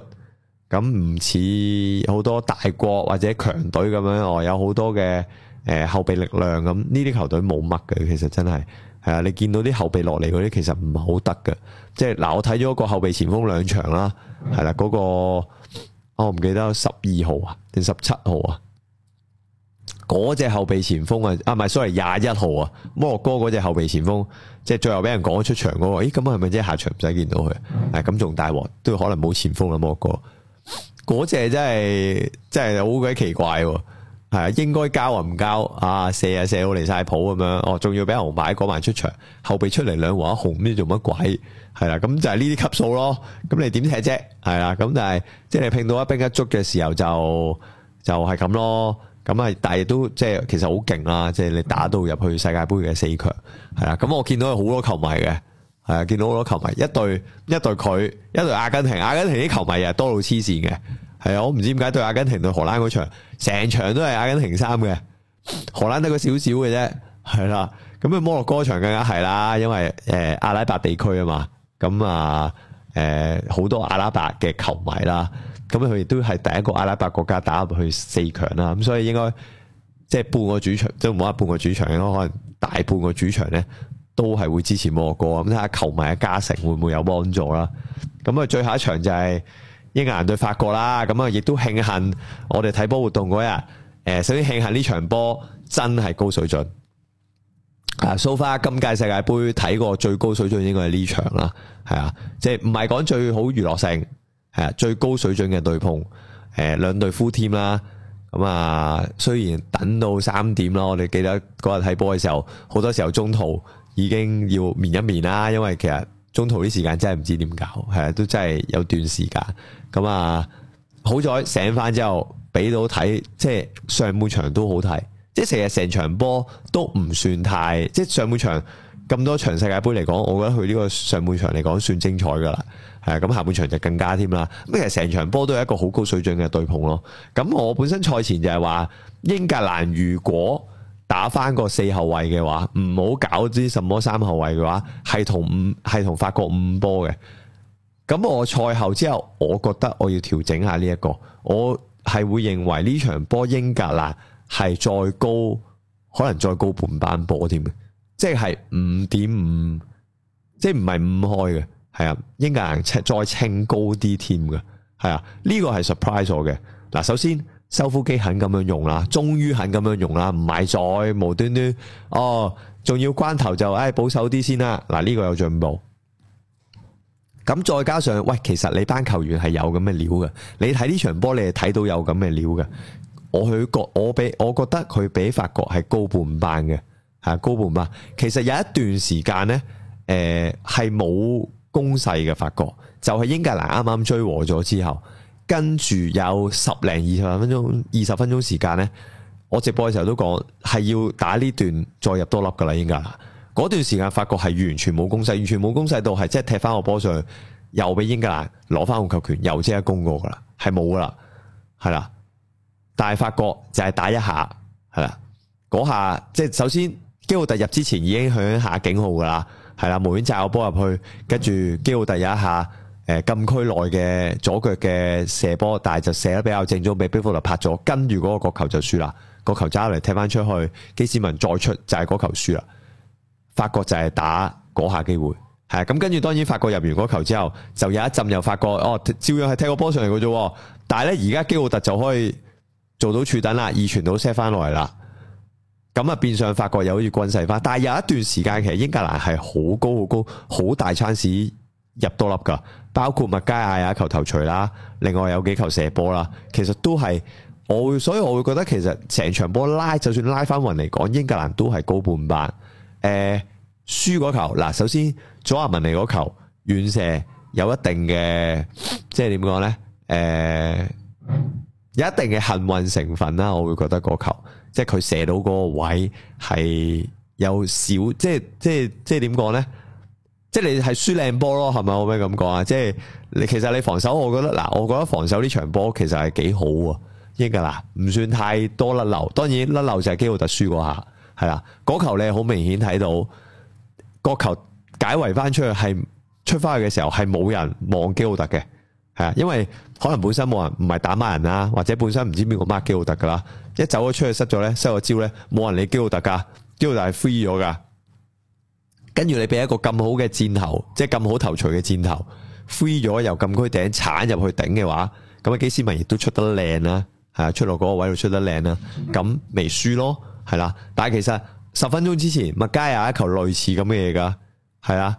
咁唔似好多大國或者強隊咁樣哦，有好多嘅誒後備力量咁，呢啲球隊冇乜嘅，其實真係係啊，你見到啲後備落嚟嗰啲，其實唔係好得㗎，即係嗱，我睇咗個後備前鋒兩場啦，係啦，嗰、嗰個我唔記得十二號啊定十七號啊。我隻後備前鋒啊，啊唔係，sorry 廿一號啊，摩洛哥嗰隻後備前鋒，即係最後俾人咗出場嗰、那個，咦咁係咪即係下場唔使見到佢？係咁仲大鑊，都可能冇前鋒啦，摩洛哥嗰隻真係真係好鬼奇怪，係應該交，還交啊唔交啊射啊射到離晒譜咁樣，哦仲要俾人紅牌講埋出場，後備出嚟兩黃一紅，咩做乜鬼，係啦咁就係呢啲級數咯，咁你點踢啫？係啦，咁但係即係你拼到一兵一卒嘅時候就就係、是、咁咯。咁啊，但係都即係其實好勁啦，即係你打到入去世界盃嘅四強係啦。咁我見到有好多球迷嘅係啊，見到好多球迷一隊一隊佢一隊阿根廷，阿根廷啲球迷又多到黐線嘅係啊。我唔知點解對阿根廷對荷蘭嗰場，成場都係阿根廷衫嘅，荷蘭得個少少嘅啫。係啦，咁啊摩洛哥場更加係啦，因為誒、呃、阿拉伯地區啊嘛，咁啊。呃誒，好多阿拉伯嘅球迷啦，咁佢亦都係第一個阿拉伯國家打入去四強啦，咁所以應該即係半個主場，即係唔好話半個主場咯，可能大半個主場呢都係會支持摩哥。咁睇下球迷嘅加成會唔會有幫助啦。咁啊，最後一場就係英格蘭對法國啦，咁啊，亦都慶幸我哋睇波活動嗰日，誒，首先慶幸呢場波真係高水準。啊，數返今屆世界盃睇過最高水準應該係呢場啦，係啊，即係唔係講最好娛樂性，係啊，最高水準嘅對碰，誒、呃，兩隊 full team 啦，咁啊，雖然等到三點咯，我哋記得嗰日睇波嘅時候，好多時候中途已經要眠一眠啦，因為其實中途啲時間真係唔知點搞，係啊，都真係有段時間，咁啊，好在醒翻之後俾到睇，即係上半場都好睇。即係成日成場波都唔算太，即係上半場，咁多場世界杯嚟講，我覺得佢呢個上半場嚟講算精彩噶啦，係啊，咁下半場就更加添啦。咁其實成場波都係一個好高水準嘅對碰咯。咁我本身賽前就係話英格蘭如果打翻個四後衛嘅話，唔好搞啲什麼三後衛嘅話，係同五係同法國五波嘅。咁我賽後之後，我覺得我要調整下呢一個，我係會認為呢場波英格蘭。係再高，可能再高半班波添嘅，即係五點五，即係唔係五開嘅，係啊，英格蘭再稱高啲添嘅，係啊，呢、呢個係 surprise 我嘅。嗱，首先收腹肌肯咁樣用啦，終於肯咁樣用啦，唔係再無端端哦，仲要關頭就誒、哎、保守啲先啦。嗱，呢個有進步，咁再加上喂，其實你班球員係有咁嘅料嘅，你睇呢場波，你係睇到有咁嘅料嘅。我去國，我比我覺得佢比法國係高半班嘅，吓高半班。其實有一段時間呢，誒係冇攻勢嘅法國，就係、是、英格蘭啱啱追和咗之後，跟住有十零二十分鐘、二十分鐘時間呢，我直播嘅時候都講係要打呢段再入多粒噶啦。英格蘭嗰段時間法國係完全冇攻勢，完全冇攻勢到係即係踢翻個波上去，又俾英格蘭攞翻控球權，又即刻攻過噶啦，係冇噶啦，係啦。但係法國就係打一下係啦，嗰下即係首先基奧特入之前已經響下警號噶啦，係啦，無端炸個波入去，跟住基奧特有一下，誒、呃、禁區內嘅左腳嘅射波，但係就射得比較正宗，俾邊福德拍咗，跟住嗰個角球就輸啦，個球揸嚟踢翻出去，基士文再出就係嗰球輸啦，法國就係打嗰下機會係，咁跟住當然法國入完嗰球之後就有一陣又法國哦，照樣係踢個波上嚟嘅啫，但係呢，而家基奧特就可以。做到處等啦，二傳到 set 翻落嚟啦，咁啊變相法國又好似均勢翻，但係有一段時間其實英格蘭係好高好高，好大餐匙入多粒噶，包括麥加亞啊、球頭鎚啦，另外有幾球射波啦，其實都係我會，所以我會覺得其實成場波拉，就算拉翻勻嚟講，英格蘭都係高半班。誒、呃，輸嗰球嗱，首先左亞文嚟嗰球遠射，有一定嘅，即係點講呢？誒、呃。有一定嘅幸運成分啦，我會覺得個球，即係佢射到嗰個位係有少，即係即係即係點講咧？即係你係輸靚波咯，係咪？可唔可以咁講啊？即係其實你防守，我覺得嗱，我覺得防守呢場波其實係幾好啊，英格蘭唔算太多甩漏，當然甩漏就係基奧特輸嗰下，係啦。嗰球你好明顯睇到，個球解圍翻出去係出翻去嘅時候係冇人望基奧特嘅。係啊，因為可能本身冇人唔係打孖人啦，或者本身唔知邊個孖基奧特噶啦，一走咗出去失咗咧，失咗招咧，冇人理基奧特噶，基奧特係 free 咗噶，跟住你俾一個咁好嘅箭頭，即係咁好頭錘嘅箭頭，free 咗由禁區頂鏟入去頂嘅話，咁啊基斯文亦都出得靚啦，係啊，出到嗰個位度出得靚啦，咁未輸咯，係啦，但係其實十分鐘之前麥佳有一球類似咁嘅嘢噶，係啊。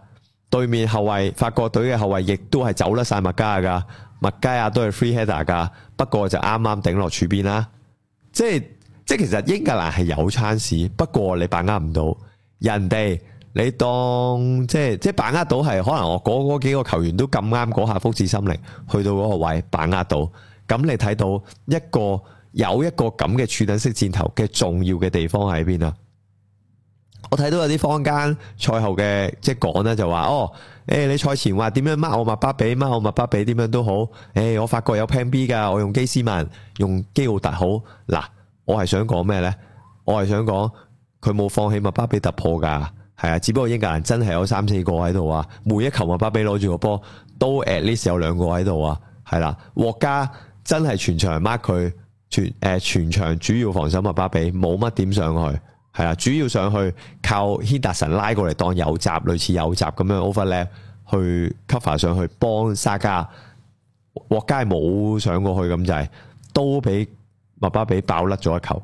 對面後衛法國隊嘅後衛亦都係走得晒麥加噶，麥加亞都係 free header 噶，不過就啱啱頂落柱邊啦。即係即係其實英格蘭係有餐屎，不過你把握唔到。人哋你當即係即係把握到係可能我嗰嗰幾個球員都咁啱嗰下福至心靈去到嗰個位把握到，咁你睇到一個有一個咁嘅柱等式箭頭嘅重要嘅地方喺邊啊？我睇到有啲坊間賽後嘅，即係講咧就話哦，誒、欸、你賽前話點樣 mark 我麥巴比，mark 我麥巴比，點樣都好，誒、欸、我發覺有 Plan B 噶，我用基斯曼，用基奧特好，嗱我係想講咩呢？我係想講佢冇放棄麥巴比突破噶，係啊，只不過英格蘭真係有三四個喺度啊，每一球麥巴比攞住個波，都 at least 有兩個喺度啊，係啦，獲加真係全場 mark 佢，全誒、呃、全場主要防守麥巴比，冇乜點上去。係啦，主要上去靠軒達臣拉過嚟當右閘，類似右閘咁樣 overlap 去 cover 上去幫沙加獲加冇上過去咁就係、是，都俾麥巴比爆甩咗一球，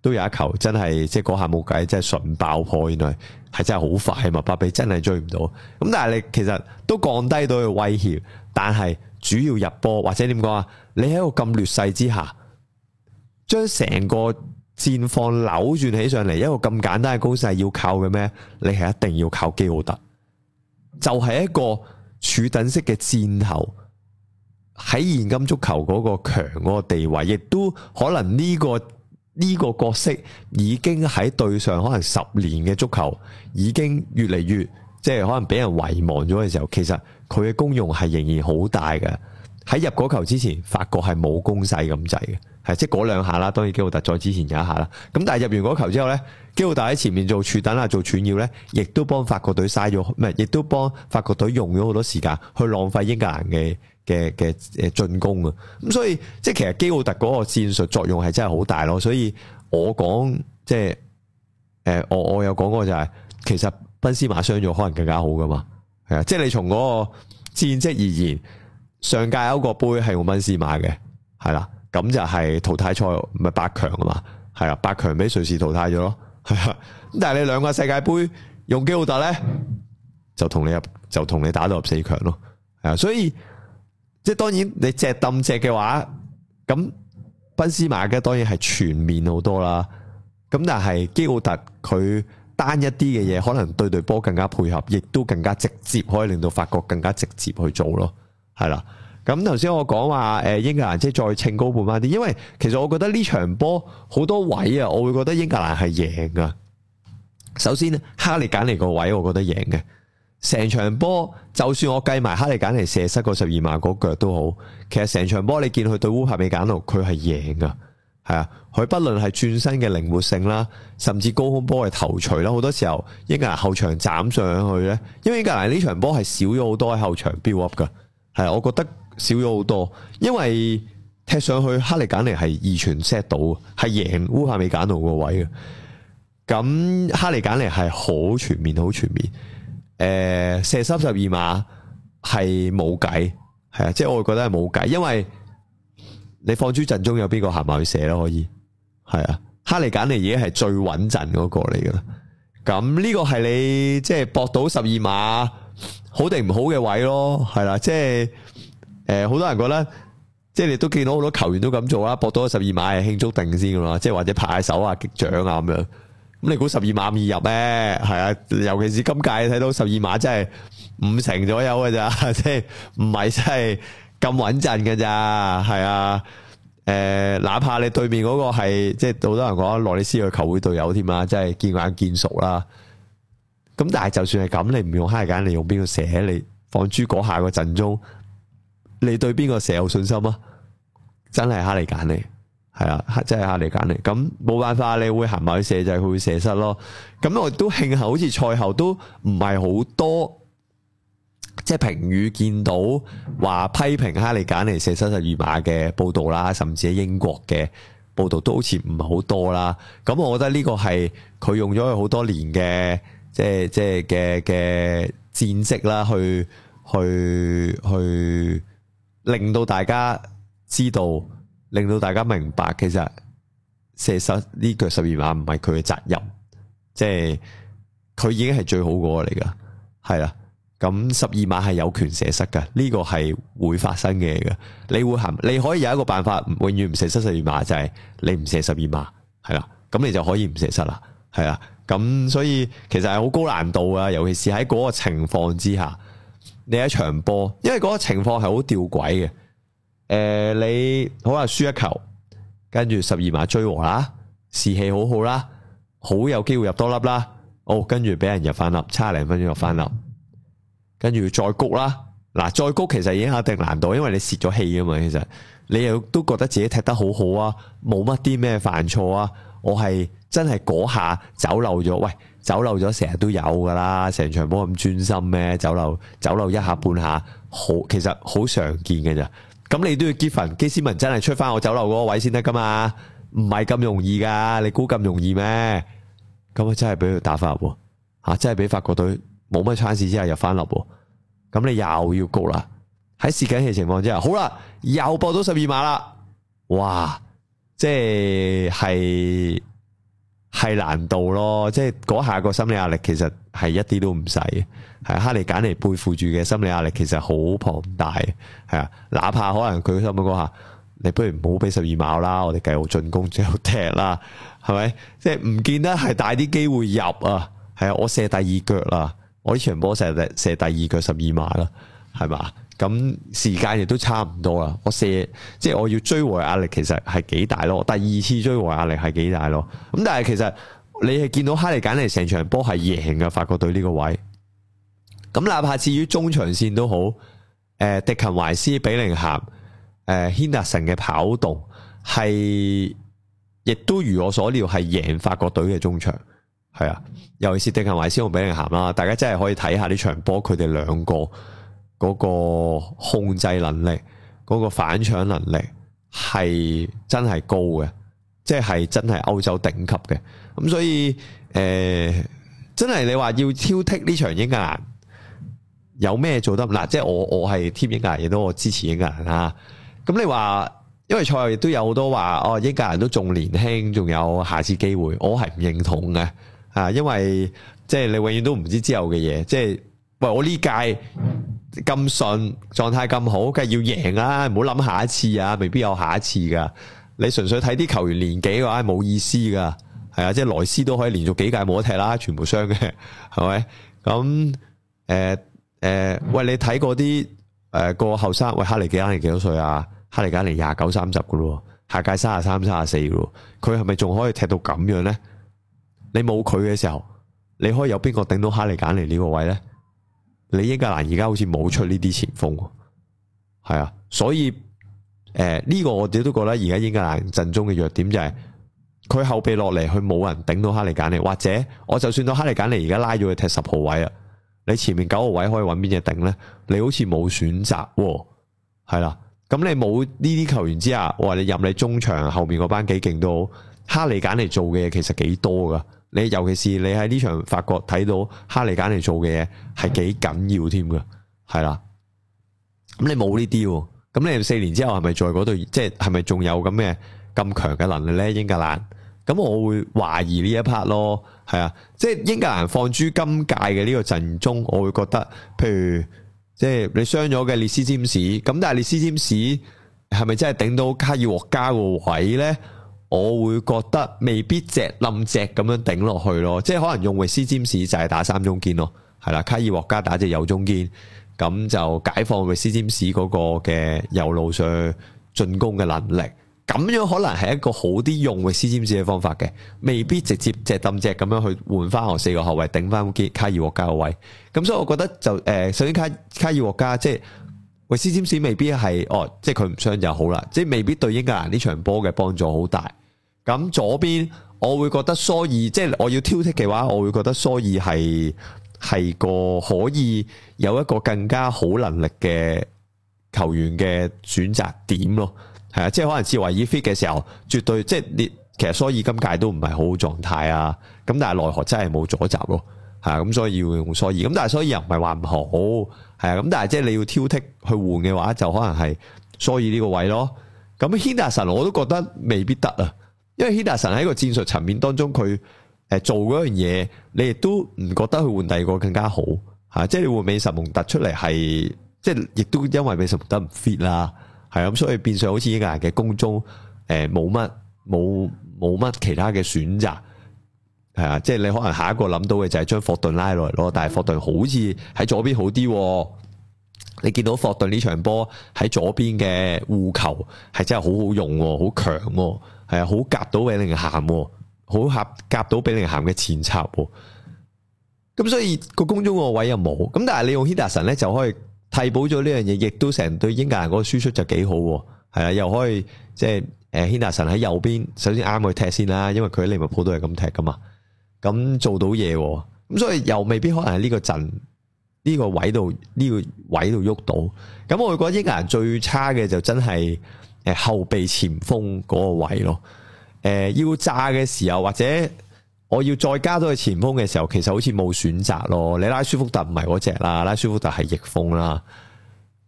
都有一球真係即係嗰下冇計，真係純爆破，原來係真係好快，麥巴比真係追唔到。咁但係你其實都降低到佢威脅，但係主要入波或者點講啊？你喺個咁劣勢之下，將成個。戰況扭轉起上嚟，一個咁簡單嘅攻勢要靠嘅咩？你係一定要靠基奧特，就係、是、一個柱躉式嘅箭頭，喺現今足球嗰個強嗰個地位，亦都可能呢、這個呢、這個角色已經喺對上可能十年嘅足球，已經越嚟越即係、就是、可能俾人遺忘咗嘅時候，其實佢嘅功用係仍然好大嘅。喺入嗰球之前，法國係冇攻勢咁滯嘅，係即係嗰兩下啦。當然基奧特再之前有一下啦。咁但係入完嗰球之後呢，基奧特喺前面做傳等啦，做傳要呢，亦都幫法國隊嘥咗，唔係亦都幫法國隊用咗好多時間去浪費英格蘭嘅嘅嘅進攻啊。咁所以即係其實基奧特嗰個戰術作用係真係好大咯。所以我講即係誒、呃，我我有講過就係、是，其實賓斯馬傷咗可能更加好噶嘛。係啊，即係你從嗰個戰績而言。上屆有一個杯係用賓斯馬嘅，係啦，咁就係淘汰賽咪八強啊嘛，係啦，八強俾瑞士淘汰咗咯。咁但係你兩個世界杯用基奧特呢，就同你入就同你打到入四強咯。係啊，所以即係當然你隻抌隻嘅話，咁賓斯馬嘅當然係全面好多啦。咁但係基奧特佢單一啲嘅嘢，可能對對波更加配合，亦都更加直接，可以令到法國更加直接去做咯。係啦，咁頭先我講話誒，英格蘭即係再稱高半班啲，因為其實我覺得呢場波好多位啊，我會覺得英格蘭係贏噶。首先，呢，哈利簡尼個位，我覺得贏嘅。成場波，就算我計埋哈利簡尼射失個十二碼嗰腳都好，其實成場波你見佢對烏柏美簡奴，佢係贏噶，係啊，佢不論係轉身嘅靈活性啦，甚至高空波嘅頭錘啦，好多時候英格蘭後場斬上去呢，因為英格蘭呢場波係少咗好多喺後場 build up 噶。係，我覺得少咗好多，因為踢上去哈利簡尼係二傳 set 到，係贏烏帕美簡奴個位嘅。咁哈利簡尼係好全面，好全面。誒、呃，射三十二碼係冇計，係啊，即係我覺得係冇計，因為你放諸陣中有邊個行埋去射啦，可以。係啊，哈利簡尼已經係最穩陣嗰個嚟嘅。咁呢、這個係你即係博到十二碼。好定唔好嘅位咯，係啦，即係誒，好、呃、多人覺得，即係你都見到好多球員都咁做啦，搏到十二碼係慶祝定先噶嘛，即係或者拍下手啊、擊掌啊咁樣。咁你估十二碼易入咩？係啊，尤其是今屆睇到十二碼，真係五成左右噶咋，即係唔係真係咁穩陣噶咋？係啊，誒、呃，哪怕你對面嗰個係，即係好多人講羅里斯嘅球會隊友添啊，即係見眼見熟啦。咁但係就算係咁，你唔用哈利簡尼，用邊個射？你放珠嗰下個陣中，你對邊個射有信心啊？真係哈利簡尼，係啊，真係哈利簡尼。咁冇辦法，你會行埋去射就係佢會射失咯。咁我都慶幸，好似賽後都唔係好多，即係評語見到話批評哈利簡尼射失十二碼嘅報道啦，甚至喺英國嘅報道都好似唔係好多啦。咁我覺得呢個係佢用咗佢好多年嘅。即係嘅嘅戰績啦，去去去令到大家知道，令到大家明白，其實射失呢腳十二碼唔係佢嘅責任，即係佢已經係最好個嚟噶，係啦。咁十二碼係有權射失噶，呢個係會發生嘅嚟噶。你會行，你可以有一個辦法，永遠唔射失十二碼，就係你唔射十二碼，係啦。咁你就可以唔射失啦，係啊。咁所以其實係好高難度噶，尤其是喺嗰個情況之下，你一場波，因為嗰個情況係好吊詭嘅。誒、呃，你好話輸一球，跟住十二碼追和啦，士氣好好啦，好有機會多入多粒啦。哦，跟住俾人入翻粒，差零分鐘入翻粒，跟住再谷啦。嗱，再谷其實已經有一定難度，因為你泄咗氣啊嘛。其實你又都覺得自己踢得好好啊，冇乜啲咩犯錯啊，我係。真係嗰下走漏咗，喂，走漏咗成日都有噶啦，成場冇咁專心咩？走漏走漏一下半下，好，其實好常見嘅咋。咁你都要結訓，基斯文真係出翻我走漏嗰個位先得噶嘛？唔係咁容易噶，你估咁容易咩？咁啊真係俾佢打翻入喎，真係俾法國隊冇乜差事之下又翻入喎。咁你又要焗啦？喺試緊嘅情況之下，好啦，又搏到十二碼啦！哇，即係係。係難度咯，即係嗰下個心理壓力其實係一啲都唔使。係啊，哈利簡尼背負住嘅心理壓力其實好龐大。係啊，哪怕可能佢心諗嗰下，你不如唔好俾十二碼啦，我哋繼續進攻最後踢啦，係咪？即係唔見得係大啲機會入啊。係啊，我射第二腳啦，我呢場波射射第二腳十二碼啦，係嘛？咁時間亦都差唔多啦，我射即係我要追回壓力，其實係幾大咯。第二次追回壓力係幾大咯。咁但係其實你係見到哈利簡尼成場波係贏嘅法國隊呢個位。咁哪怕至於中場線都好，誒、呃、迪勤懷斯、比寧咸，誒，亨達臣嘅跑動係亦都如我所料係贏法國隊嘅中場。係啊，尤其是迪勤懷斯同比寧咸啦，大家真係可以睇下呢場波佢哋兩個。嗰個控制能力，嗰、嗰個反搶能力係真係高嘅，即係真係歐洲頂級嘅。咁所以誒、呃，真係你話要挑剔呢場英格蘭有咩做得唔啱，即係我我係貼英格蘭，亦都我支持英格蘭啊。咁你話因為賽後亦都有好多話哦，英格蘭都仲年輕，仲有下次機會，我係唔認同嘅啊，因為即係你永遠都唔知之後嘅嘢，即係喂我呢屆。咁順狀態咁好，梗係要贏啦、啊！唔好諗下一次啊，未必有下一次噶。你純粹睇啲球員年紀嘅話，冇意思噶。係啊，即係萊斯都可以連續幾屆冇得踢啦、啊，全部傷嘅，係咪？咁誒誒，喂，你睇過啲誒個後生喂，哈利簡尼幾多歲啊？哈利簡尼廿九三十噶咯，下屆三十三三十四咯，佢係咪仲可以踢到咁樣呢？你冇佢嘅時候，你可以有邊個頂到哈利簡尼呢個位呢？你英格蘭而家好似冇出呢啲前鋒，係啊，所以誒呢、呃這個我哋都覺得而家英格蘭陣中嘅弱點就係佢後備落嚟，佢冇人頂到哈利簡尼。或者我就算到哈利簡尼而家拉咗佢踢十號位啊，你前面九號位可以揾邊隻頂呢？你好似冇選擇喎，係啦，咁你冇呢啲球員之下，話，你任你中場後面嗰班幾勁都好，哈利簡尼做嘅嘢其實幾多噶。你尤其是你喺呢場法國睇到哈利簡尼做嘅嘢係幾緊要添噶，係啦。咁你冇呢啲，咁你四年之後係咪在嗰度，即係係咪仲有咁嘅咁強嘅能力呢？英格蘭，咁我會懷疑呢一 part 咯，係啊，即係英格蘭放諸今屆嘅呢個陣中，我會覺得，譬如即係、就是、你傷咗嘅列斯占士，咁但係列斯占士係咪真係頂到卡爾獲加個位呢？我會覺得未必隻冧隻咁樣頂落去咯，即係可能用維斯占士就係打三中堅咯，係啦，卡爾沃加打隻右中堅，咁就解放維斯占士嗰個嘅右路上進攻嘅能力，咁樣可能係一個好啲用維斯占士嘅方法嘅，未必直接隻冧隻咁樣去換翻我四個後衛，頂翻卡爾沃加個位，咁所以我覺得就誒、呃，首先卡卡爾沃加即係維斯占士未必係哦，即係佢唔傷就好啦，即係未必對英格蘭呢場波嘅幫助好大。咁左邊我會覺得蘇爾，即係我要挑剔嘅話，我會覺得蘇爾係係個可以有一個更加好能力嘅球員嘅選擇點咯，係啊，即係可能捷維爾 fit 嘅時候絕對，即係你其實蘇爾今屆都唔係好狀態啊，咁但係奈何真係冇阻集咯，係啊，咁所以要用蘇爾。咁但係蘇爾又唔係話唔好，係啊，咁但係即係你要挑剔去換嘅話，就可能係蘇爾呢個位咯，咁 Henderson 我都覺得未必得啊。因為希達神喺一個戰術層面當中，佢誒做嗰樣嘢，你亦都唔覺得去換第二個更加好吓、啊，即係你換美神蒙特出嚟係，即係亦都因為美神蒙特唔 fit 啦，係啊咁，所以變相好似呢個人嘅攻中誒冇乜冇冇乜其他嘅選擇，係啊，即係你可能下一個諗到嘅就係將霍頓拉落嚟囉，但係霍頓好似喺左邊好啲，你見到霍頓呢場波喺左邊嘅護球係真係好好用，好強、哦。係好夾到俾零咸，好合夾到俾零咸嘅前插。咁所以個空中個位又冇。咁但係你用軒達臣咧，就可以替補咗呢樣嘢，亦都成對英格蘭嗰個輸出就幾好。係啊，又可以即係誒，軒達臣喺右邊，首先啱去踢先啦，因為佢喺利物浦都係咁踢㗎嘛。咁做到嘢，咁所以又未必可能喺呢個陣，呢個位度，呢個位度喐到。咁我覺得英格蘭最差嘅就真係。誒，後備前鋒嗰個位咯，誒、呃，要炸嘅時候或者我要再加多個前鋒嘅時候，其實好似冇選擇咯。你拉舒福特唔係嗰隻啦，拉舒福特係翼鋒啦。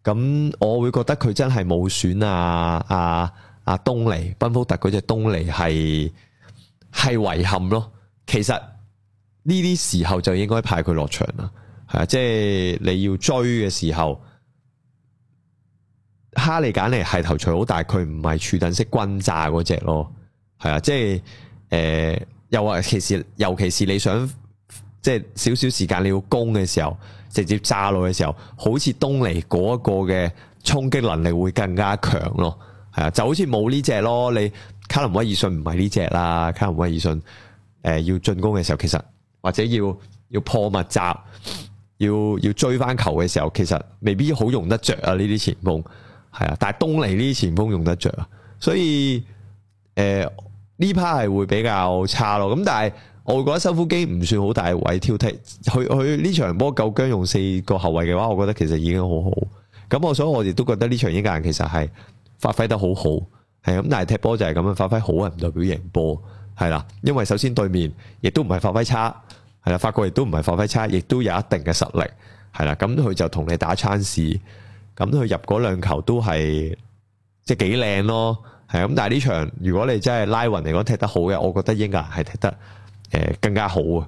咁我會覺得佢真係冇選啊，阿阿東尼、賓福特嗰隻東尼係係遺憾咯。其實呢啲時候就應該派佢落場啦，係即係你要追嘅時候。哈利簡尼係頭錘好大，佢唔係柱等式轟炸嗰隻咯，係啊，即係誒，又、呃、話其實尤其是你想即係少少時間你要攻嘅時候，直接炸落嘅時候，好似東尼嗰一個嘅衝擊能力會更加強咯，係啊，就好似冇呢隻咯，你卡林威爾遜唔係呢隻啦，卡林威爾遜誒要進攻嘅時候，其實或者要要破密集，要要追翻球嘅時候，其實未必好用得着啊呢啲前鋒。係啊，但係東尼呢啲前鋒用得着啊，所以誒呢 part 係會比較差咯。咁但係我覺得修夫基唔算好大位挑剔，佢佢呢場波夠薑用四個後衛嘅話，我覺得其實已經好好。咁我想我哋都覺得呢場英格蘭其實係發揮得好好，係咁。但係踢波就係咁樣，發揮好啊唔代表贏波係啦。因為首先對面亦都唔係發揮差，係啦，法國亦都唔係發揮差，亦都有一定嘅實力，係啦。咁佢就同你打餐市。咁佢入嗰兩球都係即係幾靚咯，係咁。但係呢場如果你真係拉勻嚟講踢得好嘅，我覺得英格蘭係踢得誒、呃、更加好啊，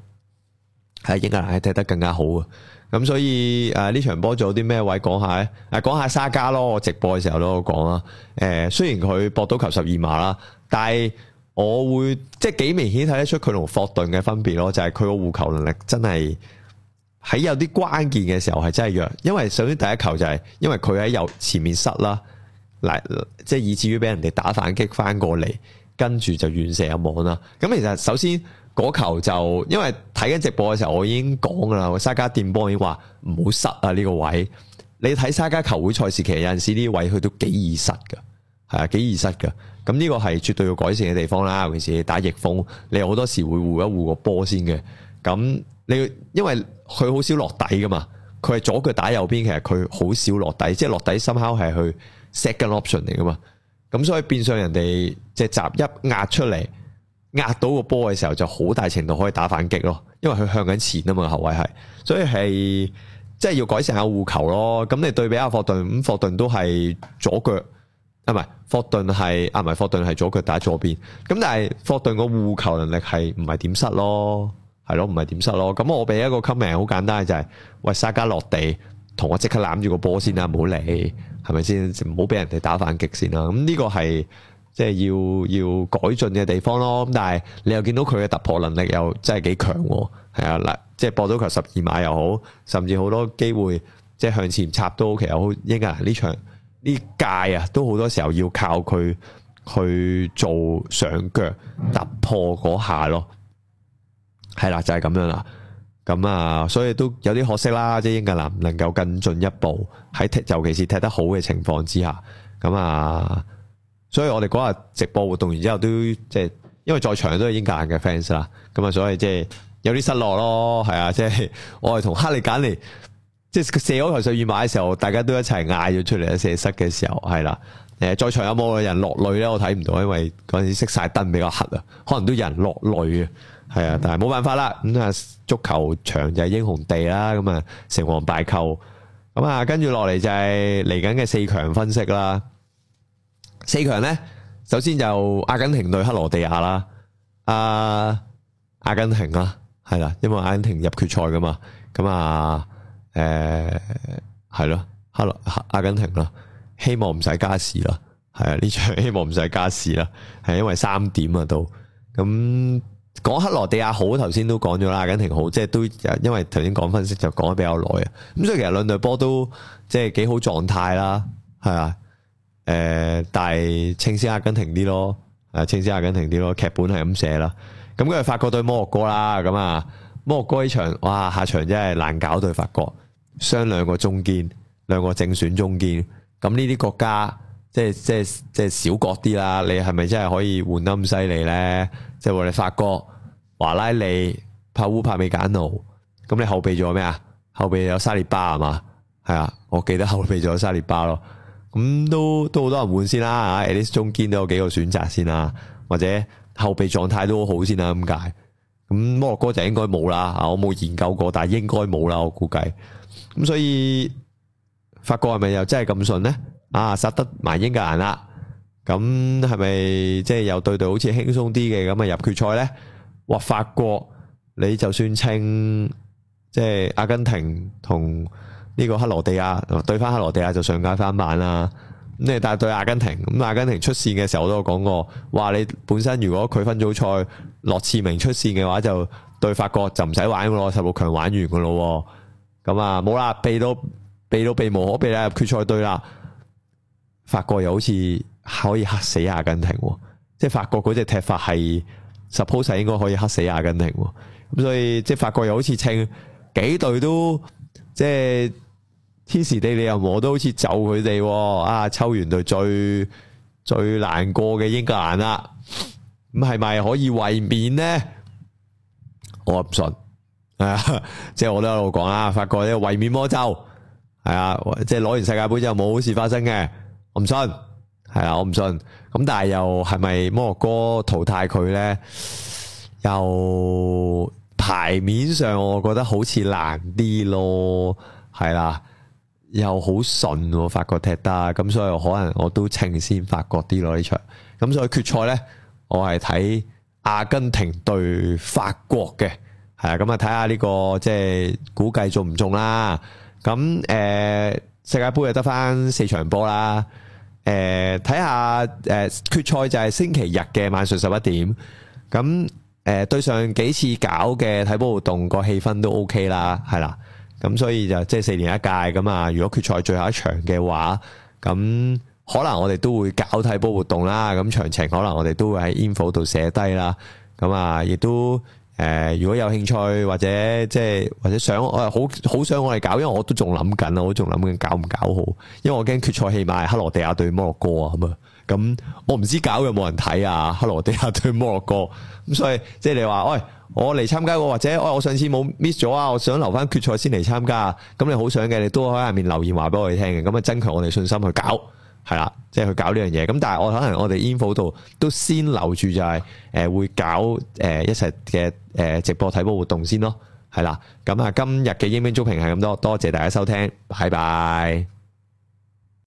係英格蘭係踢得更加好啊。咁所以誒呢、呃、場波仲有啲咩位講下咧？講，下，講下沙加咯，我直播嘅時候都有講啦。誒、呃、雖然佢搏到球十二碼啦，但係我會即係幾明顯睇得出佢同霍頓嘅分別咯，就係佢個護球能力真係。喺有啲關鍵嘅時候係真係弱的，因為首先第一球就係因為佢喺右前面失啦，嗱即係以至於俾人哋打反擊翻過嚟，跟住就遠射入網啦。咁其實首先嗰球就因為睇緊直播嘅時候，我已經講噶啦，沙加電波已經話唔好失啊呢個位。你睇沙加球會賽事其實，有陣時呢啲位佢都幾易失嘅，係啊幾易失嘅。咁呢個係絕對要改善嘅地方啦，尤其是打逆風，你好多時會護一護個波先嘅，咁。你因為佢好少落底噶嘛，佢係左腳打右邊，其實佢好少落底，即係落底，幸好係去 set 個 option 嚟噶嘛，咁所以變相人哋只閘一壓出嚟，壓到個波嘅時候就好大程度可以打反擊咯，因為佢向緊前啊嘛，後位係，所以係即係要改善下護球咯。咁你對比阿霍頓，咁、嗯、霍頓都係左腳，啊唔係霍頓係啊唔係霍頓係左腳打左邊，咁但係霍頓個護球能力係唔係點失咯？係咯，唔係點失咯？咁我俾一個 comment，好簡單嘅就係、是，喂沙家落地，同我即刻攬住個波先啦、啊，唔好理，係咪先？唔好俾人哋打反擊先啦、啊。咁呢個係即係要要改進嘅地方咯。咁但係你又見到佢嘅突破能力又真係幾強，係啊，嗱，即係博到球十二碼又好，甚至好多機會即係向前插都好，其實好英格蘭，呢場呢屆啊，都好多時候要靠佢去做上腳突破嗰下咯。係啦，就係咁樣啦。咁啊，所以都有啲可惜啦，即、就、係、是、英格蘭唔能夠更進一步，喺踢，尤其是踢得好嘅情況之下。咁啊，所以我哋嗰日直播活動完之後，都即、就、係、是，因為在場都係英格蘭嘅 fans 啦。咁啊，所以即係有啲失落咯。係啊，即、就、係、是、我係同哈利簡尼，即係射嗰台十二碼嘅時候，大家都一齊嗌咗出嚟。射失嘅時候，係啦、啊。誒、呃，在場有冇人落淚咧？我睇唔到，因為嗰陣熄晒燈比較黑啊，可能都有人落淚啊。係啊，但係冇辦法啦。咁啊，足球場就係英雄地啦。咁啊，成王敗寇。咁啊，跟住落嚟就係嚟緊嘅四強分析啦。四強呢，首先就阿根廷對克羅地亞啦。啊，阿根廷啦，係啦，因為阿根廷入決賽噶嘛。咁啊，誒、呃，係咯，克羅亞阿根廷啦，希望唔使加時啦。係啊，呢場希望唔使加時啦。係因為三點啊都咁。講克羅地亞好，頭先都講咗啦，阿根廷好，即係都因為頭先講分析就講得比較耐啊。咁所以其實兩隊波都即係幾好狀態啦，係啊。誒、呃，但係清先阿根廷啲咯，誒，清先阿根廷啲咯，劇本係咁寫啦。咁佢法國對摩洛哥啦，咁啊，摩洛哥呢場，哇，下場真係難搞對法國，雙兩個中堅，兩個正選中堅。咁呢啲國家，即係即係即係小國啲啦，你係咪真係可以換得咁犀利咧？即係話你法國、華拉利，帕烏帕美簡奴，咁你後備咗咩啊？後備有沙列巴係嘛？係啊，我記得後備咗沙列巴咯。咁都都好多人換先啦，啊，啲中堅都有幾個選擇先啦，或者後備狀態都好先啦，咁解。咁摩洛哥就應該冇啦，啊，我冇研究過，但係應該冇啦，我估計。咁所以法國係咪又真係咁順呢？啊，殺得埋英格蘭啦！咁係咪即係又對對好似輕鬆啲嘅咁啊入決賽呢？哇！法國你就算稱即係阿根廷同呢個克羅地亞、哦、對翻克羅地亞就上屆翻版啦。咁你但係對阿根廷，咁、嗯、阿根廷出線嘅時候我都有講過，話你本身如果佢分組賽落次名出線嘅話，就對法國就唔使玩個咯，十六強玩完個咯。咁、嗯、啊，冇啦，避到避到避無可避啦，入決賽對啦。法國又好似，可以吓死阿根廷，即係法國嗰隻踢法係十拋勢，應該可以吓死阿根廷。咁所以即係法國又好似稱幾隊都即係天時地利人和，我都好似就佢哋。啊，抽完隊最最難過嘅英格蘭啦，咁係咪可以衛冕呢？我唔信。係、哎、啊，即係我都喺度講啊。法國呢個衛冕魔咒係啊、哎，即係攞完世界盃之後冇好事發生嘅，我唔信。係啦，我唔信。咁但係又係咪摩洛哥淘汰佢呢？又牌面上我覺得好似難啲咯。係啦，又好順、啊、法國踢得，咁所以我可能我都稱先法國啲咯呢場。咁所以決賽呢，我係睇阿根廷對法國嘅。係啊，咁啊睇下呢個即係估計中唔中啦。咁誒、呃，世界杯又得翻四場波啦。誒，睇下誒，決賽就係星期日嘅晚上十一點。咁誒，對上幾次搞嘅睇波活動個氣氛都 OK 啦，係啦。咁所以就即係四年一屆咁啊。如果決賽最後一場嘅話，咁可能我哋都會搞睇波活動啦。咁詳情可能我哋都會喺 info 度寫低啦。咁啊，亦都。誒、呃，如果有興趣或者即、就、係、是、或者想我、呃、好好想我嚟搞，因為我都仲諗緊啊，我仲諗緊搞唔搞好，因為我驚決賽起碼係克羅地亞對摩洛哥啊咁啊，咁我唔知搞有冇人睇啊，克羅地亞對摩洛哥，咁、啊、 所以即係你話，喂、哎，我嚟參加過，或者、哎、我上次冇 miss 咗啊，我想留翻決賽先嚟參加，咁你好想嘅，你都可以喺下面留言話俾我哋聽嘅，咁啊增強我哋信心去搞。係啦， voilà. 即係去搞呢樣嘢，咁但係我可能我哋 info 度都先留住就係、是，誒、呃、會搞誒、呃、一齊嘅誒直播睇波活動先咯，係、就、啦、是，咁啊今日嘅鷹兵足評係咁多，多謝大家收聽，拜拜。